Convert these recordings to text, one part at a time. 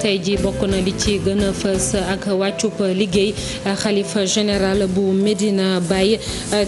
tey ji bokk na li ci gën a fës ak wàccu liggéey xalifa général bu Medina Baye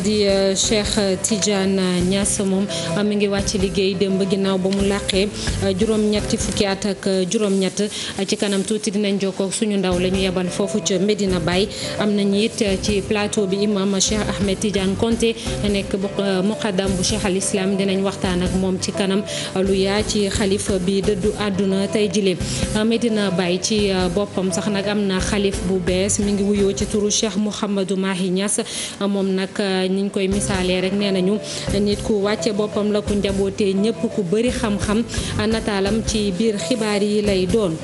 di euh, Cheikh Tidiane Niass moom mi ngi wàcc liggéey démb ginaaw ba mu làqee euh, juróom-ñetti fukki at ak juróom-ñett ci kanam tuuti dinañ jokkoo suñu ndaw lañu ñu yebal foofu ca Medina Baye am nañ it ci plateau bi imam Cheikh Ahmed Tidiane Konté nekk bokk euh, muqaddam bu Cheikh al dinañ waxtaan ak moom ci kanam lu yaa ci xalifa bi dëddu àdduna tey jile Medina Medina Baye ci euh, boppam sax nag am na xalif bu bees mi ngi wuyoo ci turu Cheikh Mouhamadou Mahi ñas euh, moom nag euh, niñ koy misaalee rek nee nañu nit ku wàcce boppam la ku njabootee ñëpp ku bari xam-xam nataalam ci biir xibaar yi lay doon.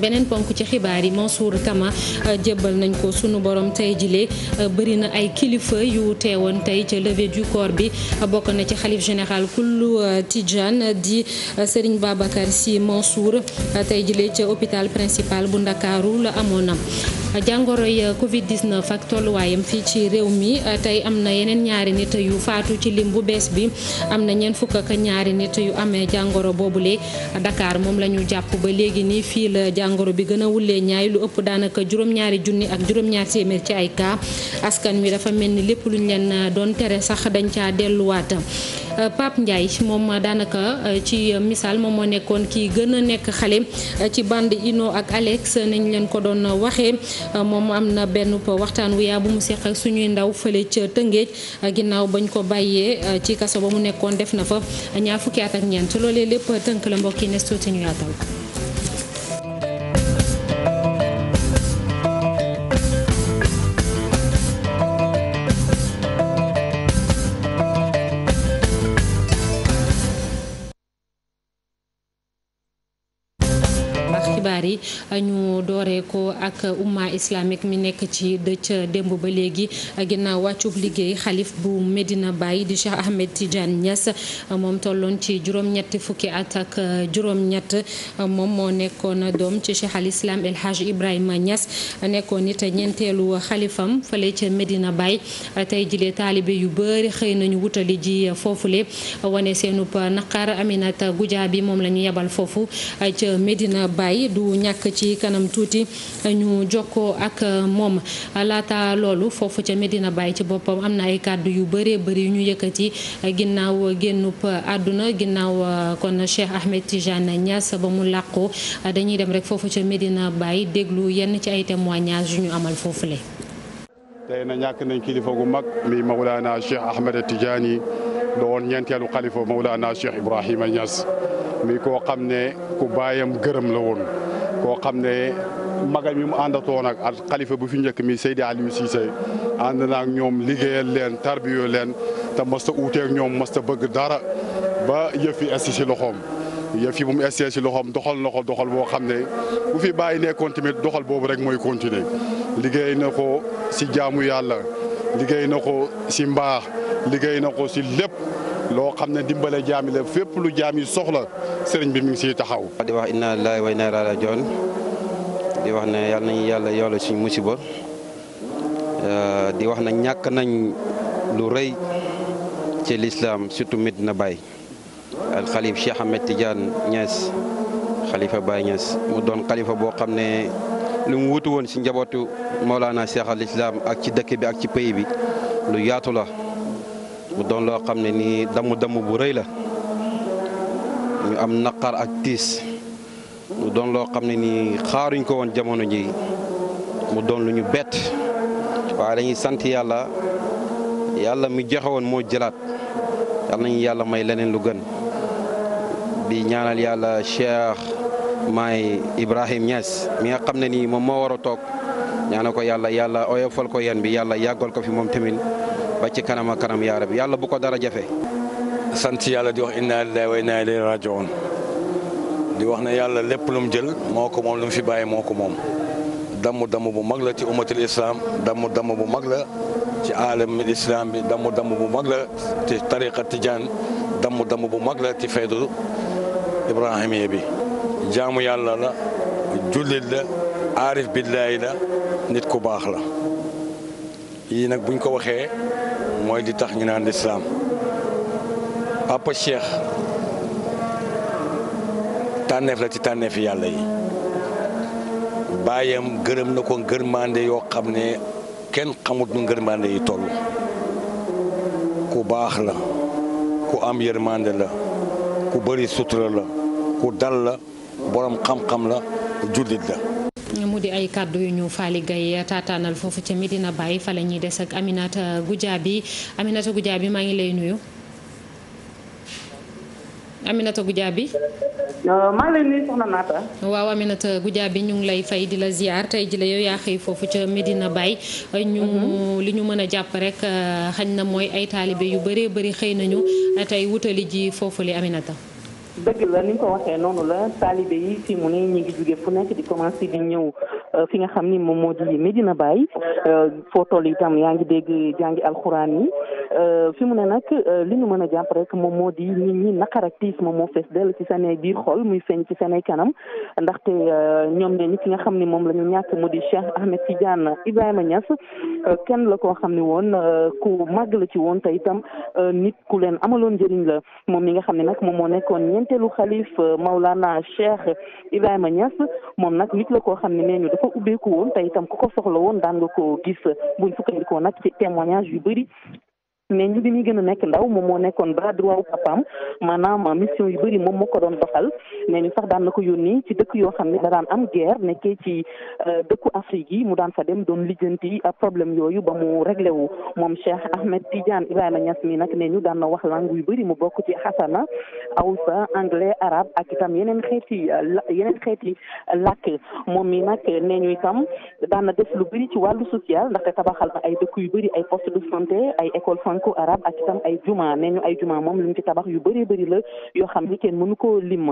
beneen ponk ci xibaar yi Mansour Kama euh, jébbal nañ ko sunu borom tey jilee euh, bëri na ay kilifa yu teewoon tey ca levée du corps bi euh, bokk na ci xalif général kullu Tidiane di Serigne Babacar Sy Mansour tey jile ca hôpital principal bu Ndakaaru la amoon na jàngoro jàngoroy Covid 19 ak tolluwaayam fii ci réew mi tey am na yeneen ñaari nit yu faatu ci lim bu bees bi am na ñeent fukk ak ñaari nit yu amee jàngoro boobule Dakar moom la ñu jàpp ba léegi nii fii la jàngoro bi gën a wullee ñaay lu ëpp daanaka juróom-ñaari junni ak juróom-ñaar téeméer ci ay cas askan wi dafa mel ni lépp luñ leen doon tere sax dañ caa delluwaat. Euh, Pape Ndiaye moom ma daanaka euh, ci misaal moom moo nekkoon kii gën a nekk xale euh, ci band Ino ak Alex nañ leen ko doon waxee moom am na benn waxtaan wu yaa bu mu seq ak suñuy ndaw fële ca Tëngéej ginnaaw bañ ko bàyyee ci kaso ba mu nekkoon def na fa ñaar fukki at ak ñeent loolee lépp tënk la mbokki yi nes tuuti ñu yaatal tey ñu dooree ko ak umma islamique mi nekk ci dëcc démb ba léegi ginnaaw wàccub liggéey xalif bu Medina Baye di Cheikh Ahmed Tidiane ñas moom tolloon ci juróom-ñetti fukki at ak juróom-ñett moom moo nekkoon doom ci Cheikh al Islam El Hadj Ibrahima Niass nekkoon it ñeenteelu xalifam fële ca Medina Baye tey jilee taalibe yu bëri xëy nañu wutali ji foofule wane seenub naqar Aminata Goudia bi moom lañu yebal foofu ca Medina Baye ñàkk ci kanam tuuti ñu jokkoo ak euh, moom laata loolu foofu ca Medina Baye ci boppam am na ay kàddu yu bëree bëri yu ñu yëkkati euh, ginnaaw génn euh, àdduna ginnaaw kon Cheikh Ahmed Tijane Niass ba mu làqoo dañuy dem rek foofu ca Medina Baye déglu yenn ci ay témoignages yu ñu amal foofule. tey na ñàkk nañ kilifa gu mag mi Mawlana Cheikh Ahmed Tijani doon ñeenteelu xalifa Mawlana Cheikh Ibrahima Niass mi koo xam ne ku baayam gërëm la woon. koo xam ne magal mi mu àndatoon ak ak xalifa bu fi njëkk mi Seydi Aliou Cissé ànd na ak ñoom liggéeyal leen tarbiyo leen te mës ta uuteeg ñoom mës bëgg dara ba yëf yi si loxoom yëf yi bu mu essee si loxoom doxal na ko doxal boo xam ne bu fi bàyyi nekkoon tamit doxal boobu rek mooy continuer liggéey na ko si jaamu yàlla liggéey na ko si mbaax liggéey na ko si lépp loo xam ne dimbale jaam fépp lu jaam soxla sëriñ bi mi ngi siy taxaw. di wax inna lillahi wa inna ilayhi raaji'uun di wax na yal nañu yàlla yoola suñu musiba di wax na ñàkk nañ lu rëy ci lislaam surtout Medina Baye al xalif Cheikh Ahmed Tidiane Niass xalifa Baye Niass mu doon xalifa boo xam ne lu mu wutu woon si njabootu Mawlana Cheikh al Islam ak ci dëkk bi ak ci payi bi lu yaatu la. mu doon loo xam ne nii damu damu bu rëy la ñu am naqar ak tiis mu doon loo xam ne nii xaaruñ ko woon jamono ji mu doon lu ñu bett waaye dañuy sant yàlla yàlla mi joxe woon moo jëlaat yàlla nañu yàlla may leneen lu gën bi ñaanal yàlla Cheikh maay Ibrahim Niass mi nga xam ne nii moom moo war a toog ñaanal ko yàlla yàlla oyofal ko yen bi yàlla yàggal ko fi moom tamit. ba ci kanam a kanam yaa rabbi yàlla bu ko dara jafe. sant yàlla di wax inna lillahi wa inna ilayhi rajiun di wax ne yàlla lépp lu mu jël moo ko moom lu mu fi bàyyi moo ko moom damm damm bu mag la ci umatul islam damm damm bu mag la ci alamil islam bi damm damm bu mag la ci tariqa tijaan damm damm bu mag la ci faydu ibrahimiya bi jaamu yàlla la jullit la aarif billaahi la nit ku baax la yii nag buñ ko waxee mooy di tax ñu naan lislaam papa Cheikh tànneef la ci tànneefi yàlla yi baayam gërëm na ko ngërmande yoo xam ne kenn xamut nu ngërmande yi toll ku baax la ku am yërmande la ku bëri sutura la ku dal la boroom xam-xam la jullit la mu di ay kàddu yu ñu Faly Gaye taataanal foofu ca Medina Baye fale la ñuy des ak Aminata Goudiaby bi Goudiaby maa ngi lay nuyu. Euh, maa ngi lay nuyu soxna Naata. waaw Aminata bi ñu ngi lay fay di la ziar tey jii la xëy foofu ca Medina Baye. ñu mhm. li ñu mën a jàpp rek euh, xañ na mooy ay taalibe yu bëree bëri xëy nañu tey wutali ji foofu li Aminata. dëgg la ni nga ko waxee noonu la taalibe yi fii mu ne ñu ngi jóge fu nekk di commencé di ñëw euh, fi nga xam ni moom moo di Medina Baye euh, foo toll itam yaa ngi dégg jàngi alxuraan yi Euh, fi mu ne nag euh, li ñu mën a jàpp rek moom moo di nit ñi naqar ak tiis moom moo fees dell ci seen ay biir xol muy feeñ ci seen ay kanam ndaxte euh, ñoom ne ñi ki nga xam ne moom la ñu ñàkk mu di Cheikh Ahmed Tidiane Ibrahima Niass kenn la koo xam ne woon ku màgg la ci woon te itam nit ku leen amaloon njëriñ la moom mi nga xam ne nag moom moo nekkoon ñeenteelu xalif Maulana Cheikh Ibrahima Niass moom nag nit la koo xam ne nee ñu dafa ubbeeku woon te itam ku ko soxla daan nga ko gis buñ nag ci témoignage yu bëri mais ñu bi muy gën a nekk ndaw moom moo nekkoon bras droit wu papaam mission yu bëri moom moo ko doon doxal nee ñu sax daan na ko yónni ci dëkk yoo xam ne da daan am guerre nekkee ci euh, dëkku Afrique yi mu daan fa dem doon lijjanti problème yooyu ba mu réglé moom Cheikh Ahmed Tidiane Ibrahima Niass mi nag nee ñu daan na wax langue yu bëri mu bokk ci xasana awsa anglais arabe ak itam yeneen xeeti euh, yeneen xeeti euh, làkk moom mi nag nee ñu itam daan na def lu bëri ci wàllu social dëkku arab ak itam ay juma nee ñu ay juma moom lu mu ci tabax yu bëri bëri la yoo xam ni kenn mënu koo lim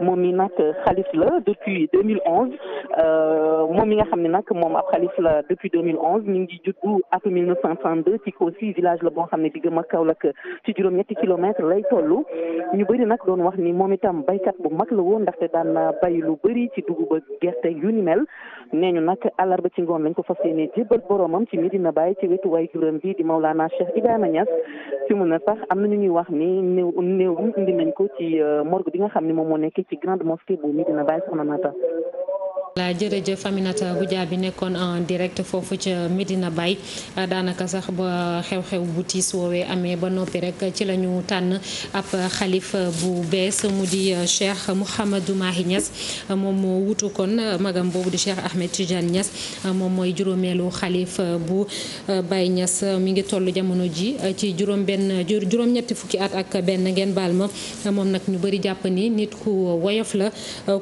moom mi nag xalif la depuis 2011 euh, moom mi nga xam ne nag moom ab xalif la depuis 2011 mi ngi juddu atum 1932 ci Kossy village la boo xam ne diggam ak Kaolack ci juróom-ñetti kilomètres lay tollu ñu bëri nag doon wax ni moom itam baykat bu mag la woon ndaxte daan bay lu bëri ci dugub ak gerte yu ni mel. nee ñu nag àllarba ci ngoon lañ ko fas yéene jébbal boromam ci Medina Baye ci wetu waay juróom bi di Maulana Cheikh Ibrahima Niass fi mu a sax am na ñu ñuy wax ni néew néew indi nañ ko ci euh, morgue bi nga xam ni moom moo nekkee ci grande mosquée bu Medina Baye soxna Mata voilà jërëjëf Aminata Goudia bi nekkoon en direct foofu ca Medina bay daanaka sax ba xew-xew bu tiis woowee amee ba noppi rek ci la ñu tànn ab xalifa bu bees mu di Cheikh Mouhamadou Mahi Niass moom moo wutu kon magam boobu di Cheikh Ahmed Tidiane Niass moom mooy juróomeelu xalif bu bay ñas mi ngi toll jamono ji ci juróom benn juróom-ñetti fukki at ak benn ngeen baal ma moom nag ñu bëri jàpp ni nit ku woyof la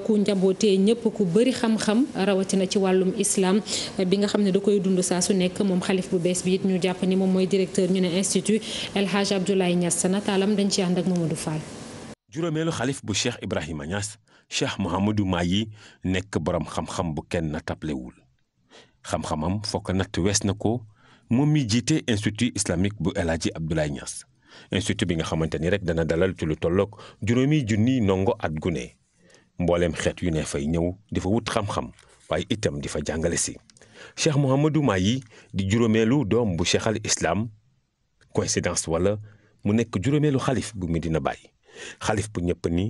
ku njabootee ñëpp ku bëri xam xam rawatina ci wàllum islam bi nga xam ne da koy dund saa su nekk moom xalif bu bees bi it ñu jàpp ni moom mooy directeur ñu ne institut El Hadj Abdoulaye Niass nataalam taalam dañ ci moom ak Mamadou Fall. juróomeelu xalif bu cheikh Ibrahima Niass cheikh Mouhamadou Mahi nekk boroom xam-xam bu kenn tablewul xam-xamam fokk natt wees na ko moom mi jiite institut islamique bu El Hadj Abdoulaye Niass institut bi nga xamante ni rek dana dalal ci lu tolloog juróomi junniy ndongo at gu mbooleem xeet yu ne fay ñëw di fa wut xam-xam waaye itam di fa jàngale si cheikh Mouhamadou yi di juróomeelu doom bu cheikh islaam islam coïncidence wala mu nekk juróomeelu xalif bu Medina Baye xalif bu ñëpp ni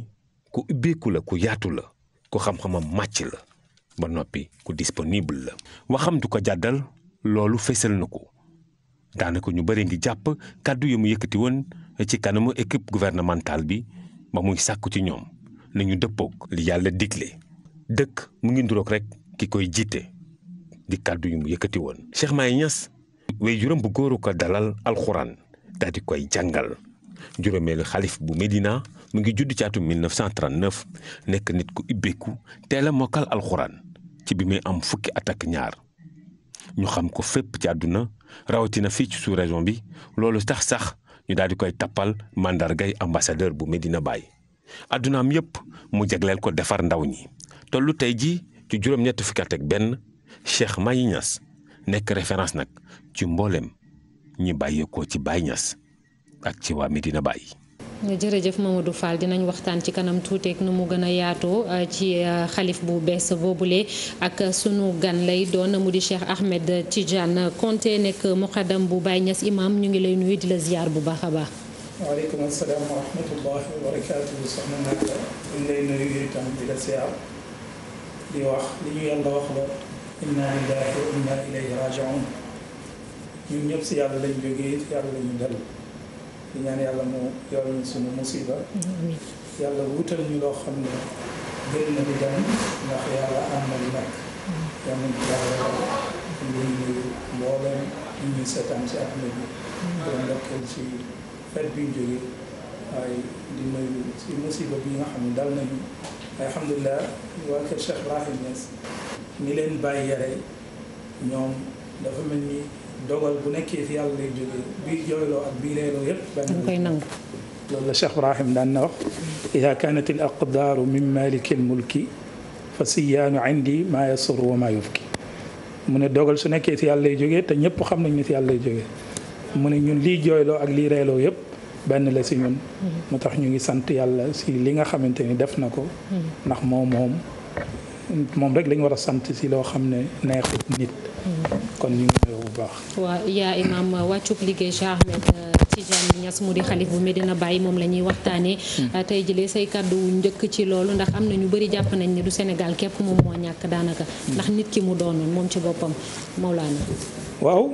ku ubbeeku la ku yaatu la ku xam-xamam màcc la ba noppi ku disponible la waxam du ko jàddal loolu fésal na ko daanaka ñu bëri ngi jàpp kàddu yi mu yëkkati woon ci kanamu équipe gouvernementale bi ba muy sàkku ci ñoom nañu dëppoog li yàlla digle dëkk mu ngi nduroog rek ki koy jiite di kàddu yu mu yëkkati woon Cheikh Mahi Niass way juróom bu góoru ko dalal alxuraan daal di koy jàngal juróomeelu xalif bu Medina mu ngi judd ci atum 1939 nekk nit ku ibbeeku teel a mokkal alxuraan ci bi muy am fukki at ñaar ñu xam ko fépp ci àdduna rawatina fii ci sous-région bi loolu tax sax ñu daal di koy tappal mandargay ambassadeur bu Medina Baye. addunaam yépp mu jagleel ko defar ndaw ñi tollu tey ji ci juróom-ñetti fukki ak benn Cheikh Mahi Niass nekk référence nag ci mboolem ñi ko ci Baye Niass ak ci waa Medina Baye. jërëjëf Mamadou Fall dinañ waxtaan ci kanam tuuteeg nu mu gën a yaatoo euh, ci euh, xalif bu bees boobule ak sunu gan lay doon mu di Cheikh Ahmed Tidiane konte nekk muqaddam bu Baye Niass imam ñu ngi lay nuyu di la ziar bu baax a baax. waaleykum asalaam wa rahmatullahi wa barakaatuhu soxna Naata ñu di wax li ñu yàlla wax la inna lillahi wa inna ilayhi rajiun yàlla lañ jógee si ñaan yàlla mu yor ñu sunu yàlla wutal ñu loo xam ne gën na di dem yàlla am na lu nekk yàlla ñu ngi nuyu mbooleem ñu ñuy seetaan si adduna bi doon ndokkeel si fet bi ñu jógee waaye di nuyu si musiba bi nga xam ne dal nañu alhamdulilah waa kër Cheikh Ibrahim Niass mi leen bàyyi yare ñoom dafa mel ni dogal bu nekkee fi yàlla lay jógee bii jooyloo ak bii reeloo yépp benn koy nangu loolu la Cheikh Ibrahim daan na wax ida kanat al aqdaaru min maliki al mulki fa siyaanu indi maa yasur wa maa yufki mu ne dogal su nekkee si yàlla lay jógee te ñëpp xam nañ ne si yàlla lay jógee mu ne ñun lii jooyloo ak lii reeloo yëpp benn la si ñun mhm. mu tax ñu ngi sant yàlla si li nga xamante ni def na ko mhm. ndax moom moom moom rek lañ war a sant si loo xam ne neexut mhm. baax waaw yaa imaam wàccub liggéey Cheikh Ahmed euh, Tidiane Niass mu di xalif bu Medina moom la ñuy waxtaanee hmm. euh, tey jëlee say kàddu njëkk ci loolu ndax am na ñu bari jàpp nañ ne du Sénégal képp moom moo ñàkk daanaka hmm. ndax nit ki mu doon moom ci boppam Mawlaana waaw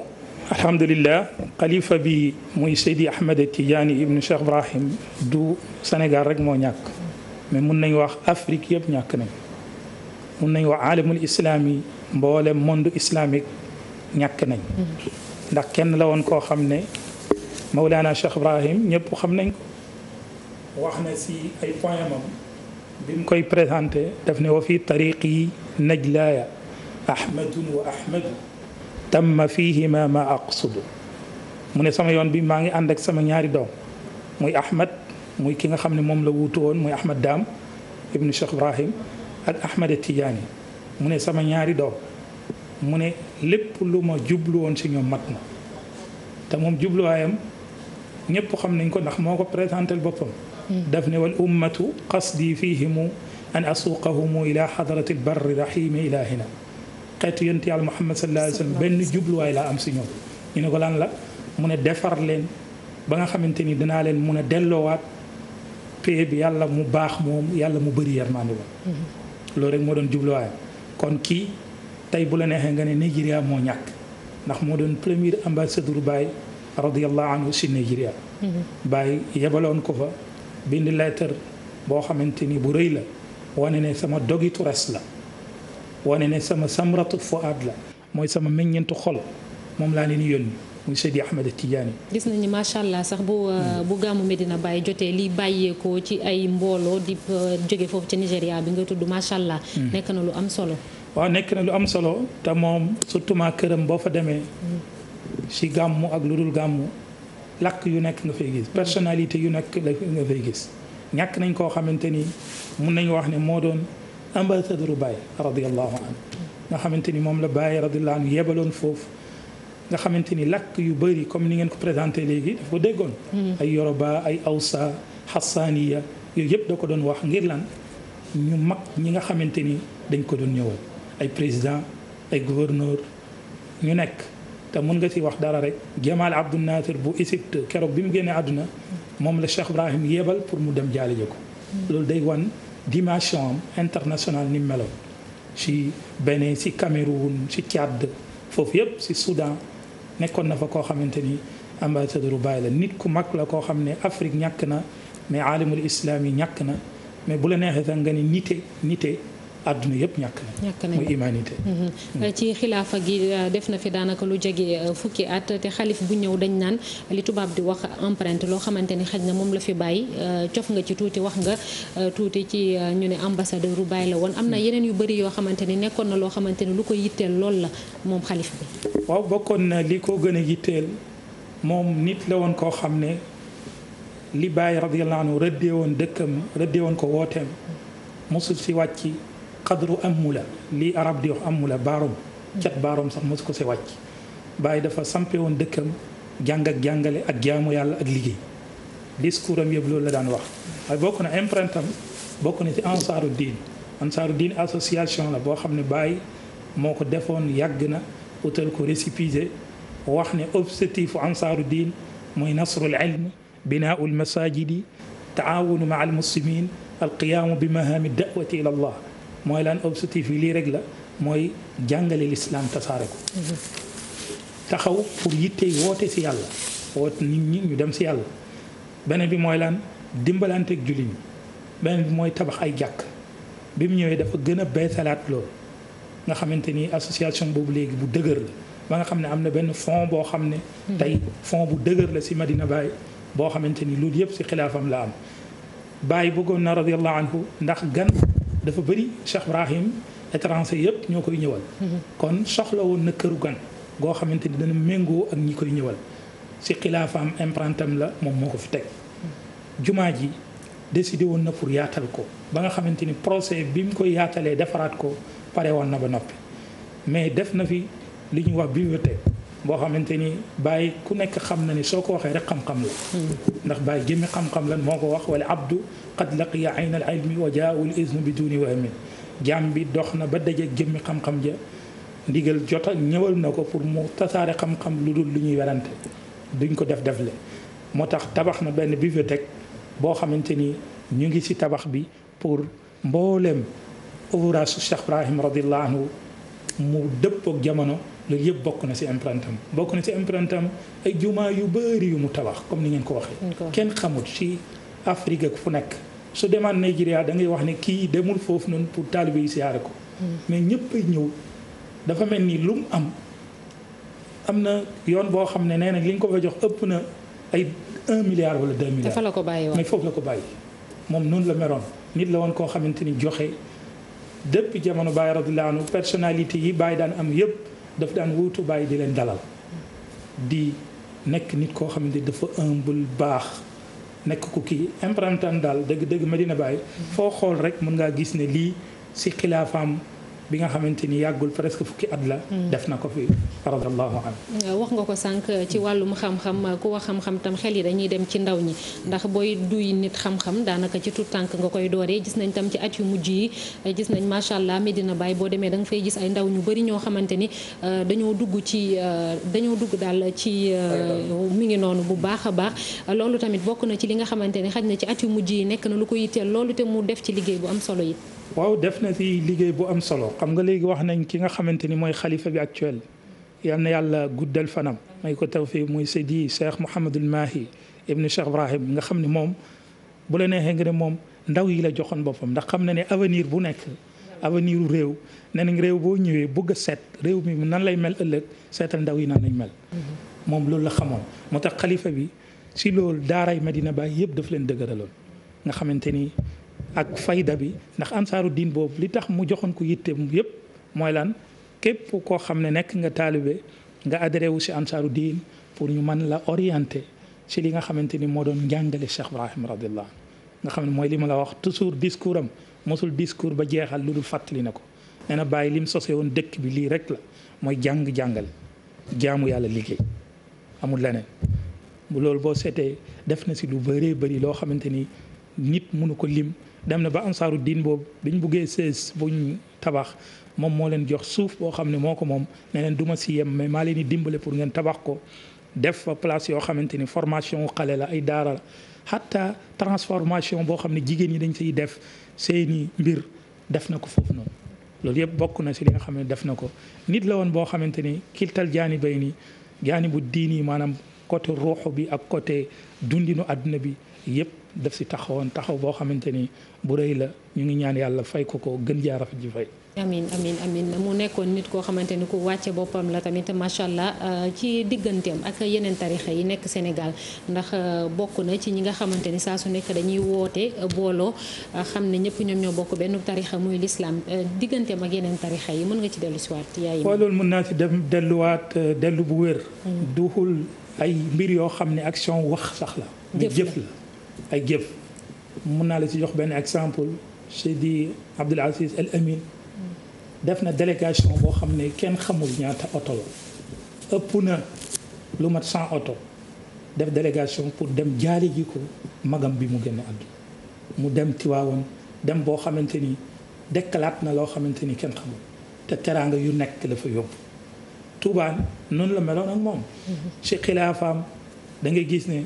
alhamdulilah kalifa bi muy Seydi Ahmed Tidiane ibnu Cheikh Ibrahim du Sénégal rek moo ñàkk mais mun nañ wax Afrique yëpp ñàkk nañ mun nañ wax alamul islami mboole monde islamique ñàkk nañ ndax kenn la woon xam ne Mawlana Cheikh Ibrahim ñëpp xam nañ wax na si ay poème bi mu koy présenté daf wa fi tariqi najlaaya ahmadun wa ahmadu tamma fihima ma aqsudu mu ne sama yoon bi maa ngi ànd sama ñaari doom muy ahmad muy ki nga xam ne moom la wuutu woon muy ahmad daam ibnu cheikh ibrahim ak ahmad tijaani mu ne sama ñaari doom mu ne lépp lu ma jublu woon si ñoom mat na te moom jubluwaayam ñëpp xam nañ ko ndax moo ko présenté boppam hmm. daf ne wal ummatu qasdi fihimu an asuqahumu ila xadrati albarri rahimi ilahina xeetu yonent yàlla Muhammad sallallahu alayhi wa sallam benn jubluwaay laa am si ñoom ñu ne ko lan la mu ne defar leen ba nga xamante ni danaa leen mun a delloowaat paie yàlla mu baax moom yàlla mu bëri yërmande woon mm-hmm. loolu rek moo doon jubluwaayam kon kii tey bu la neexee nga ne Nigeria moo ñàkk ndax moo doon premier ambassadeur Baye radiyallahu anhu si Nigeria mm-hmm. Baye yebaloon ko fa bind lettre boo xamante ni bu rëy la wane ne sama dogitu res la wane ne sama samratu fuaad la mooy sama meññeentu xol moom laa leen yónni muy Seydi Ahmed Tidiane. gis nañu ni macha allah sax bu euh, hmm. bu gàmmu Medina Baye jotee li bàyyeekoo ci ay mbooloo di euh, jóge foofu ci Nigéria bi nga tudd macha allah. Hmm. nekk na lu am solo. waaw nekk na lu am solo te moom surtout ma këram boo fa demee. si hmm. gàmmu ak lu dul gàmmu làkk yu nekk nga fay gis personnalité yu nekk nga fay gis ñàkk nañ koo xamante ni mun nañu wax ne moo ambassadeur Baye radiallahu anhu nga xamante ni moom la Baye radiallahu anhu yebaloon foofu nga xamante ni lakk yu bëri comme ni ngeen ko présenté léegi daf ko déggoon hmm. ay Yoruba ay Awsa Hassaniya yooyu yëpp da ko doon wax ngir lan ñu mag ñi nga xamante ni dañ ko doon ñëwal ay président ay gouverneur ñu nekk te mun nga ci wax dara rek Jamal Abdou Nasser bu Égypte keroog bi mu génnee àdduna moom la Cheikh Ibrahim yebal pour mu dem jaale ko hmm. dimension am internationale ni meloon ci Bénin ci Cameroun ci Tchad foofu yëpp ci Soudan nekkoon na fa koo xamante ni ambassadeur bu bàyyi la nit ku mag la koo xam ne Afrique ñàkk na mais aalimul islam yi ñàkk na mais bu la neexee sax nga ni nite nite àdduna yëpp ñàkk na muy humanité mm-hmm. mm. ci xilaafa gi euh, def na fi daanaka lu jege euh, fukki at te xalif bu ñëw dañ naan li tubaab di wax empreinte loo xamante ni xaj na moom la fi bàyyi euh, cof nga ci tuuti wax nga tuuti ci ñu ne ambassadeur u bàyyi la woon am na mm. yeneen yu bëri yoo xamante ni nekkoon na loo xamante ni lu ko yitteel lool la moom xalif bi waaw bokkoon na li ko gën a yitteel moom nit la woon koo xam ne li bàyyi radiyallahu anhu rëddee woon dëkkam rëddee woon ko wooteem xadru amu la lii arab di wax amu la baarom cat baarom sax mosu ko see wàcc bàyyi dafa sampe woon dëkkam jàng ak jàngale ak jaamu yàlla ak liggéey discours yëpp loolu la daan wax waaye bokk na empreinte am bokk na ci ansaaru diin ansaaru diin association la boo xam ne bàyyi moo ko defoon yàgg na utal ko récépissé wax ne objectif ansaaru diin mooy nasrul ilm binaau lmasajidi taawunu maa almuslimin alqiyaamu bi mahami dawati ila mooy lan objectif yi lii rek la mooy jàngale lislaam tasaare ko taxaw pour yittey woote si yàlla woote nit ñi ñu dem si yàlla beneen bi mooy lan dimbalanteeg julli ñi beneen bi mooy tabax ay jàkk bi mu ñëwee dafa gën a beesalaat loolu nga xamante ni association boobu léegi bu dëgër ba nga xam ne am na benn fond boo xam ne tey fond bu dëgër la si Madina Baye boo xamante ni loolu yëpp si xilaafam la am Baye bëggoon na radiallahu anhu ndax gan dafa bëri Cheikh Ibrahim étranger yëpp ñoo koy ñëwal. kon soxla woon na këru gan goo xamante ni dana méngoo ak ñi koy ñëwal si xilaafaam imprentam la moom moo ko fi teg. jumaa ji décidé woon na pour yaatal ko ba nga xamante ni procès bi mu koy yaatalee defaraat ko pare woon na ba noppi mais def na fi li ñuy wax bibliothèque boo xamante ni bàyyi ku nekk xam na ni soo ko waxee rek xam-xam la ndax bàyyi gémmi xam-xam lan moo ko wax wala abdu qad laqiya ayn al ilmi wa jaawul isnu bi duni wahmin jaam bi dox na ba daje jëmmi xam-xam ja ndigal jota ñëwal na ko pour mu tasaare xam-xam lu dul lu ñuy werante duñ ko def defle moo tax tabax na benn bibliothèque boo xamante ni ñu ngi ci tabax bi pour mbooleem ouvrage Cheikh Ibrahim radiallahu mu dëppook jamono loolu yëpp bokk na ci empreinte am bokk na ci empreinte am ay jumaa yu bari yu mu tabax comme ni ngeen ko waxee. kenn xamut ci Afrique ak fu nekk su demaat Nigeria da ngay wax ne kii demul foofu noonu pour taalibe yi siyaare ko. Hmm. mais ñëpp ñëw dafa mel ni lu mu am am na yoon boo xam ne nee na li ñu ko fa jox ëpp na ay 1 milliard wala de milliards. dafa la ko bàyyi mais foofu la ko bàyyi moom noonu la meroon nit la woon koo xamante ni joxe depuis jamono Baye radiyallahu anhu personnalité yi Baye daan am yëpp. daf daan wutu bàyyi di leen dalal di nekk nit koo xam ne dafa bul baax nekk ku kii imprimé daal dëgg dëgg Medina Baye mm-hmm. foo xool rek mën ngaa gis ne lii si xilaafaam bi nga xamante ni yàggul presque fukki at la. Mm. def na ko fi radiyallahu anhu. Euh, wax nga ko sànq ci wàllum xam-xam ku wax xam-xam tam xel yi dañuy dem ci ndaw ñi ndax booy duy nit xam-xam daanaka ci tout tànk nga koy dooree gis nañ tam ci at yu mujj yi euh, gis nañ macha allah Medina Baye boo demee da nga fay gis ay ndaw ñu bëri ñoo xamante ni euh, dañoo dugg ci dañoo dugg daal ci mu ngi noonu bu baax a baax loolu tamit bokk na ci li nga xamante ni xaj na ci at yu mujj yi nekk na lu ko yitteel loolu mu def ci liggéey bu am solo yi. waaw def na ci liggéey bu am solo xam nga léegi wax nañ ki nga xamante ni mooy xalifa bi actuel yal na yàlla guddal fanam may ko taw tawfiq muy seydi Cheikh Mouhamadul Mahi ibnu Cheikh Ibrahim nga xam ne moom bu la neexee nga ne moom ndaw yi la joxoon boppam ndax xam na ne avenir bu nekk avenir u réew ne nañ réew boo ñëwee bugg a seet réew mi nan lay mel ëllëg seetal ndaw yi nan lañ mel moom loolu la xamoon moo tax xalifa bi si loolu daaray Medina Baye yëpp daf leen dëgëraloon ak fayda bi ndax ansaaru diin boobu li tax mu joxoon ko yitte yépp mooy lan képp koo xam ne nekk nga taalibe nga adhéré wu si ansaaru diin pour ñu mën la orienté si li nga xamante ni moo doon njàngale Cheikh Ibrahim radiyallahu nga xam ne mooy li ma la wax toujours discours am mosul discours ba jeexal lu dul fàttali na ko nee bàyyi lim sose woon dëkk bi lii rek la mooy jàng jàngale jaamu yàlla liggéey amul leneen loolu boo seetee def na si lu bëree bëri loo xamante ni nit mënu ko lim. dem na ba ansaaru diin boobu bi ñu buggee sées bu ñu tabax moom moo leen jox suuf boo xam ne moo ko moom ne leen du ma si yem mais maa leen di dimbale pour ngeen tabax ko def fa place yoo xamante ni formation wu xale la ay daara la xatta transformation boo xam ne jigéen ñi dañ fiy def seeni mbir def na ko foofu noonu loolu yëpp bokk na si li nga xam ne def na ko nit la woon boo xamante ni kiltal jaani bay nii jaani bu diini maanaam côté ruuxu bi ak côté dundinu àdduna bi yëpp daf si taxawoon taxaw boo xamante ni bu rëy la ñu ngi ñaan yàlla fay ko ko gën jaa rafet ji fay. amin amin amin mu nekkoon nit koo xamante ni ku wàcce boppam la tamit macha allah euh, ci digganteem ak yeneen tarixa yi nekk Sénégal ndax euh, bokk na ci ñi nga xamante ni saa su nekk dañuy woote euh, booloo xam ne ñëpp ñoom ñoo bokk benn tarixa muy lislaam digganteem ak yeneen tarixa yi mën nga ci dellu siwaat yaay loolu mën naa ci dem delluwaat dellu bu wér hmm. ay mbir yoo xam ne action wax sax la jëf la ay jëf mun naa la ci jox benn exemple Cheikh di Abdoul Aziz Al Amin def na délégation boo xam ne kenn xamul ñaata oto la ëpp na lu mat 100 oto def délégation pour dem jaali ji ko magam bi mu génn àddu mu dem Tiwaawan dem boo xamante ni dekkalaat na loo xamante ni kenn xamul te teraanga yu nekk la fa yóbbu Tuubaan noonu la meloon ak moom mm-hmm. ci xilaafaam da gis ne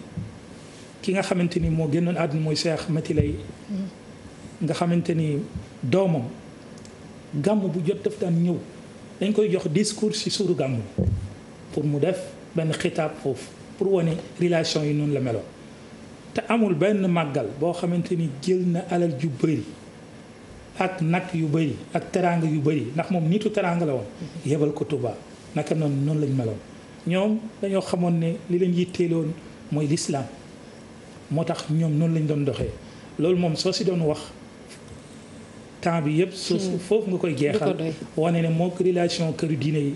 ki nga xamante ni moo génnoon àdduna mooy Cheikh Mati lay nga xamante ni doomam gàmm bu jot daf daan ñëw dañ koy jox discours ci suuru gàmm pour mu def benn xitaab foofu pour wane relation yi noonu la meloon te amul benn màggal boo xamante ni jël na alal ju bëri ak nag yu bëri ak teraanga yu bëri ndax moom nitu teraanga la woon yebal ko Touba naka noonu noonu lañ meloon ñoom dañoo xamoon ne li leen yitteeloon mooy lislaam moo tax ñoom noonu lañ doon doxee loolu moom soo si doon wax temps bi yëpp soo hmm. foofu nga koy jeexal wane ne moo relation këru diine yi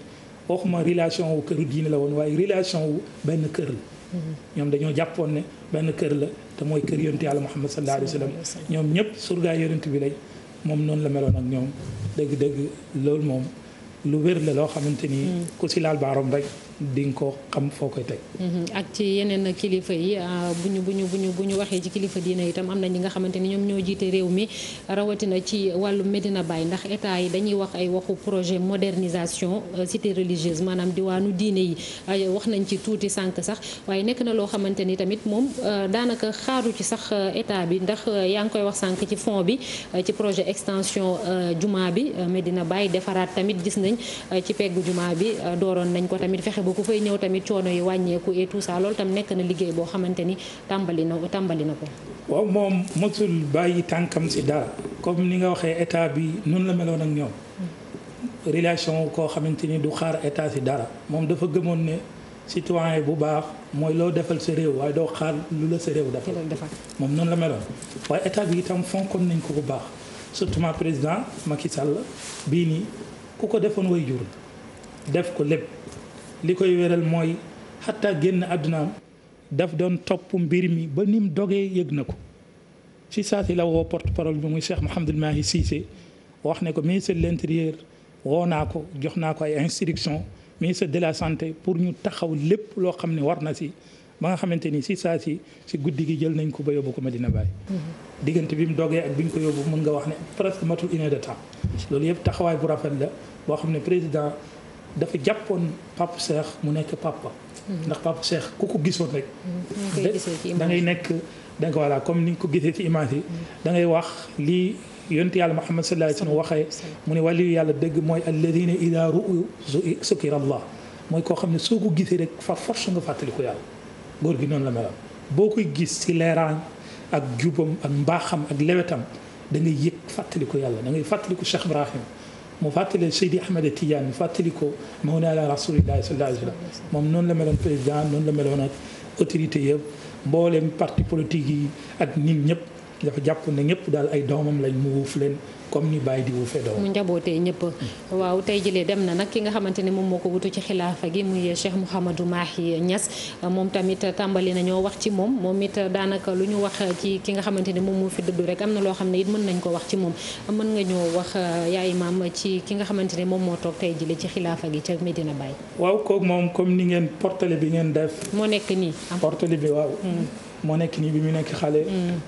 waxuma relation wu këru diine la woon waaye relation wu benn kër la hmm. ñoom dañoo jàppoon ne benn kër la te mooy kër yonent yàlla Muhammad sallallahu alayhi wa sallam ñoom ñëpp surgaay yonent bi lañ moom noonu la meloon ak ñoom dëgg-dëgg loolu moom lu wér la loo xamante ni hmm. ku si laal baaroom rek di nga ko xam foo koy teg. Mhm. ak ci yeneen kilifa yi ah, bu ñu bu ñu bu ñu bu ñu waxee ci kilifa diina itam am na ñi nga xamante ni ñoom ñoo jiite réew mi rawatina ci wàllu Medina Baye ndax état yi dañuy wax ay waxu projet modernisation euh, cité maanaam diwaanu diine yi wax nañ ci tuuti sànq sax waaye nekk na loo xamante ni tamit moom euh, daanaka xaaru ci sax euh, état bi ndax yaa ngi koy wax sànq ci fond bi ci projet extension juma bi Medina Baye defaraat tamit gis nañ ci peggu juma bi dooroon nañ ko boo ku fay ñëw tamit coono yi wàññeeku et tout ça loolu tam nekk na liggéey boo xamante ni tàmbali na tàmbali na ko. waaw moom mosul bàyyi tànkam si dara comme ni nga waxee état bi noonu la meloon ak ñoom. relation koo xamante ni du xaar état si dara moom dafa gëmoon ne citoyen bu baax mooy loo defal sa réew waaye doo xaar lu la sa réew defal moom noonu la meloon waaye état bi itam fonkoon nañ ko bu baax surtout ma président Macky Sall bii nii ku ko defoon way jur def ko lépp li koy wéral mooy xataa génn àddunaam daf doon topp mbir mi ba ni mu dogee yëg na ko ci saasi la woo porte parole bi muy Cheikh Mouhamadul Mahi Cissé wax ne ko ministre de l' intérieur naa ko jox naa ko ay instructions ministre de la santé pour ñu taxaw lépp loo xam ne war na si ba nga xamante ni si saa si si guddi gi jël nañ ko ba yóbbu ko dina Baye. Mm-hmm. diggante bi mu dogee ak bi ñu ko yóbbu mën nga wax ne presque matul une heure de temps. loolu yëpp taxawaay dafa jàppoon Pape Cheikh mu nekk papa. Hmm. ndax Pape Cheikh ku ko gisoon rek. Hmm. da ngay nekk da nga voilà comme ni nga ko gisee ci image yi. Hmm. da ngay lii yonti yàlla Muhammad sallallahu alayhi wa sallam waxee. mu ne walli yàlla dëgg mooy alladina ida ru'u sukira allah mooy koo xam ne soo ko gisee rek fa su nga fàttaliku yàlla góor gi noonu la meloon boo koy gis ci leeraan ak jubam ak mbaaxam ak lewetam da ngay yëg fàttaliku yàlla da ngay fàttaliku Cheikh Ibrahim mu fàttali Seydi Ahmed Tidiane mu fàttali ko mawlaana rasulillahi sallallahu alayhi wa sallam moom noonu la meloon président noonu la meloon ak autorité yëpp mboolem parti politique yi ak nit ñëpp dafa jàpp ne ñëpp daal ay doomam lañ mu wuuf leen comme ni bàyyi di wuufee doomam. mu njabootee ñëpp. waaw tey jëlee dem na nag ki nga xamante ne moom moo ci xilaafa gi muy Cheikh Mouhamadou Mahi ñu wax ci ki nga xamante ne moom moo fi dëddu rek am na loo xam ne it mën nañ ko wax ci moom mën nga ñoo wax euh, yaay maam ci ki nga xamante ne moom moo toog tey jëlee ci xilaafa gi ca Medina Baye. waaw kooku moom comme ni ngeen portale bi ngeen def. moo nekk nii. portale bi waaw. Mm. moo nekk nii bi mu nekk xale. Mm.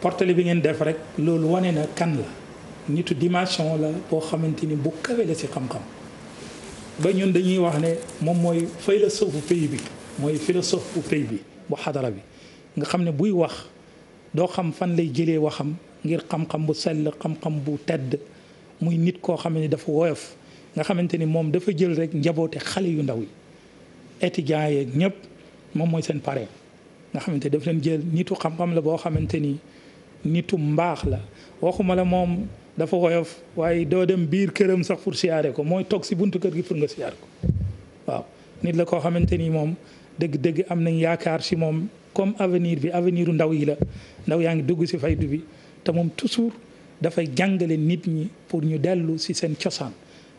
portale bi ngeen def rek loolu wane na kan la nitu dimension la boo xamante ni bu kawe la ci xam-xam ba ñun dañuy wax ne moom mooy philosophe bu pays bi mooy philosophe bu pays bi bu xadara bi nga xam ne buy wax doo xam fan lay jëlee waxam ngir xam-xam bu sell xam-xam bu tedd muy nit koo xam ne dafa woyof nga xamante ni moom dafa jël rek njaboote xale yu ndaw yi étudiants yeeg ñëpp moom mooy seen pare nga xamante daf leen jël nitu xam-xam boo xamante ni nitu mbaax la waxuma la moom dafa woyof waaye doo dem biir këram sax pour siyaare ko mooy toog si buntu kër gi pour nga siyaar ko waaw nit la koo xamante ni moom dëgg-dëgg am nañ yaakaar si moom comme avenir bi avenir u ndaw yi la ndaw yaa ngi dugg si faydu bi te moom toujours dafay jàngale nit ñi pour ñu dellu si seen cosaan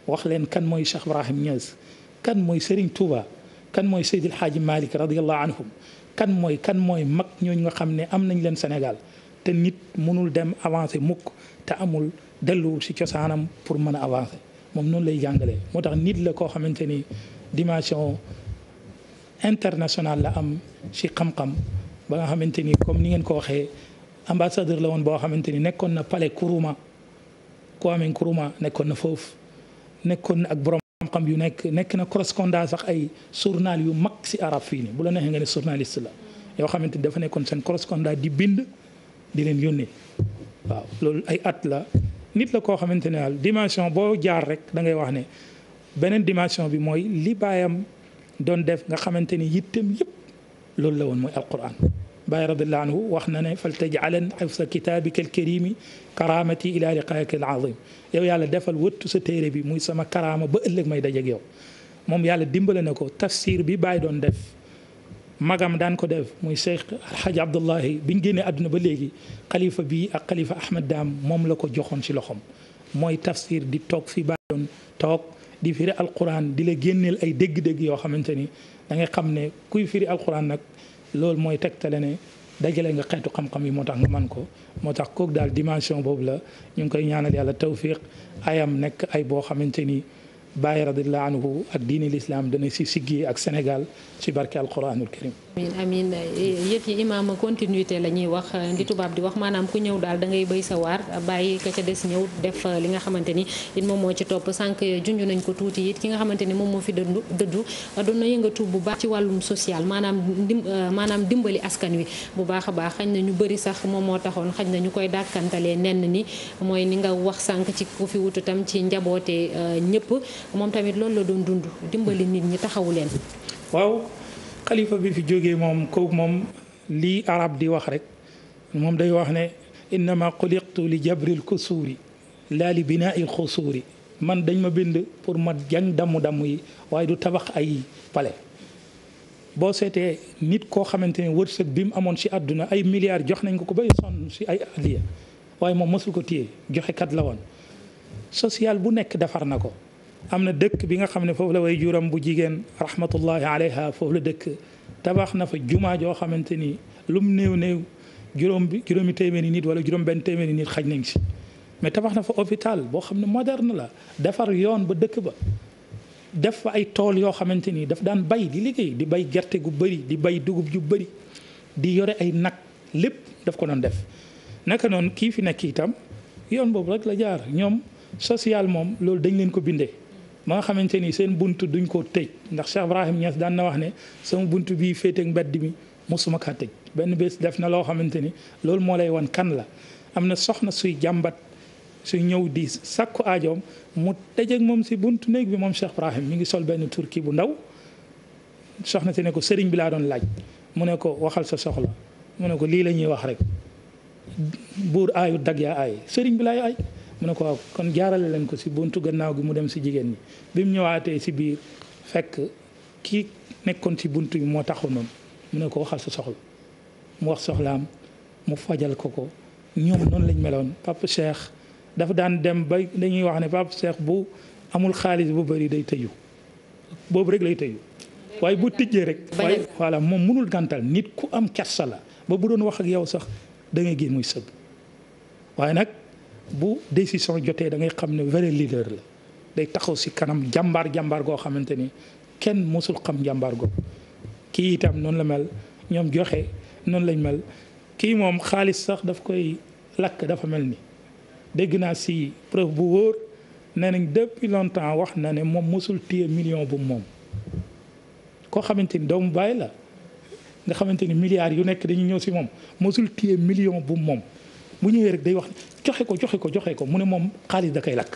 wax leen kan mooy Cheikh Ibrahim Niass kan mooy Serigne Touba kan mooy Seydil Hadji Malick radiallahu anhum kan mooy kan mooy mag ñooñu nga xam ne am nañ leen Sénégal te nit mënul dem avancer mukk te amul delluwul si cosaanam pour mën a avancer moom noonu lay jàngalee. moo tax nit la koo xamante ni dimension international la am ci xam-xam ba nga xamante ni comme ni ngeen ko waxee ambassadeur la woon boo xamante ni nekkoon na palais Nkrumah Kwame Nkrumah nekkoon na foofu nekkoon na ak borom. xam-xam yu nekk nekk na correspondant sax ay journal yu mag si arab fii nii bu la neexee nga ne journaliste la yoo xamante dafa nekkoon seen correspondant di bind di leen yónnee waaw loolu ay at la nit la koo xamante ne dimension boo jaar rek da ngay wax ne beneen dimension bi mooy li baayam doon def nga xamante ni yittem yëpp loolu la woon mooy alquran Baay radiyallahu anhu wax na ne fal tajcalan xifsa kitaabika alkarimi karaamati ila liqaayika alazim yow yàlla defal wëttu sa téere bi muy sama karaama ba ëllëg may dajeeg yow moom yàlla dimbale na ko tafsir bi Baay doon def magam dan ko def muy cheikh alxaj abdullahi bi ñu génnee ba léegi xalifa bi ak xalifa ahmad daam moom la ko joxon si loxom mooy tafsir di toog fi Baay doon toog di firi alquran di la génneel ay dégg-dégg yoo xamante ni da loolu mooy tegtale ne dajale nga xeetu xam-xam yi moo tax nga man ko moo tax kooku daal dimension boobu la ñu ngi koy ñaanal yàlla tawfiq ayam nekk ay boo xamante ni Baye radiallahu anhu ak diini l'islam dana si siggee ak Sénégal ci barke alquranul karim amin amin eh, yëf yi imaam continuité la ñuy wax eh, ndi tubaab di wax maanaam ku ñëw daal da ngay béy sa waar bàyyi ka ca des ñëw def eh, li nga xamante ni it moom moo ci topp sànq junj nañ ko tuuti it ki nga xamante ni moom moo fi dëddu dëddu doon na yëngatu bu baax ci wàllum social maanaam dim maanaam dimbali askan wi bu baax a baax xañ na ñu bëri sax moom moo taxoon xañ na ñu koy dàkkantalee nenn ni mooy ni nga wax sànq ci ku fi wutu tam ci njaboote ñëpp moom tamit loolu la doon dund dimbali nit ñu taxawu leen. waaw xalifa bi fi jógee moom kooku moom lii arab di wax rek moom day wax ne innama xuliqtu li jabril kusuuri laa li binaa'i xusuuri man dañ ma bind pour ma jañ damm-damm yi waaye du tabax ay pale boo seetee nit koo xamante ne wërsëg bi mu amoon ci àdduna ay milliards jox nañ ko ko bay sonn ci ay addiya waaye moom mësul ko téye joxekat la woon social bu nekk defar na ko am na dëkk bi nga xam ne foofu la way juróom bu jigéen rahmatullahi alayha foofu la dëkk tabax na fa jumaa joo xamante ni lum néew néew juróom bi juróomi téeméeri nit wala juróom benn téeméeri nit xaj nañ si mais tabax na fa hôpital boo xam ne moderne la defar yoon ba dëkk ba def fa ay tool yoo xamante ni daf daan bay di liggéey di bay gerte gu bëri di bay dugub ju bëri di yore ay nag lépp daf ko noon def naka noon kii fi nekk itam yoon boobu rek la jaar ñoom social moom loolu dañ leen ko bindee ba nga xamante ni seen bunt duñ koo tëj ndax Cheikh Ibrahim Niass daan na wax ne sama bunt bii féeteeg mbedd mi mosuma kaa tëj benn bés def na loo xamante ni loolu moo lay wan kan la am na soxna suy jàmbat suy ñëw di sakku mu dajeeg moom si buntu néeg bi moom Cheikh Ibrahim mi ngi sol benn turki bu ndaw soxna si ne ko sëriñ bi laa doon laaj mu ne ko waxal sa soxla mu ne ko lii la ñuy wax rek buur aayu dag yaa aay sëriñ bi laay aay mu ne ko waaw kon jaarale leen ko si buntu gannaaw gi mu dem si jigéen ñi bi mu ñëwaatee si biir fekk ki nekkoon ci buntu bi moo taxu noonu mu ne ko waxal sa soxla mu wax soxlaam mu fajal ko ko ñoom noonu lañ meloon Papa Cheikh dafa daan dem ba dañuy wax ne Papa seex bu amul xaalis bu bari day tëju boobu rek lay tëju waaye bu tijjee rek waaye moom mënul gàntal nit ku am kersa ba bu doon wax ak yow sax dangay ngay génn muy sëb waaye nag bu décision jotee da ngay xam ne vrai leader la day taxaw si kanam jàmbaar jàmbaar goo xamante ni kenn mosul xam jàmbaar goo kii itam noonu la mel ñoom joxe noonu lañ mel kii moom xaalis sax daf koy lakk dafa mel ni dégg naa si preuve bu wóor nee nañ depuis longtemps wax na ne moom mosul téye million bu moom koo xamante ni doomu bàyyi la nga xamante ni milliards yu nekk dañu ñëw si moom mosul téye million bu moom bu ñëwee rek day wax joxe ko joxe ko joxe ko mu ne moom xaalis da koy lakk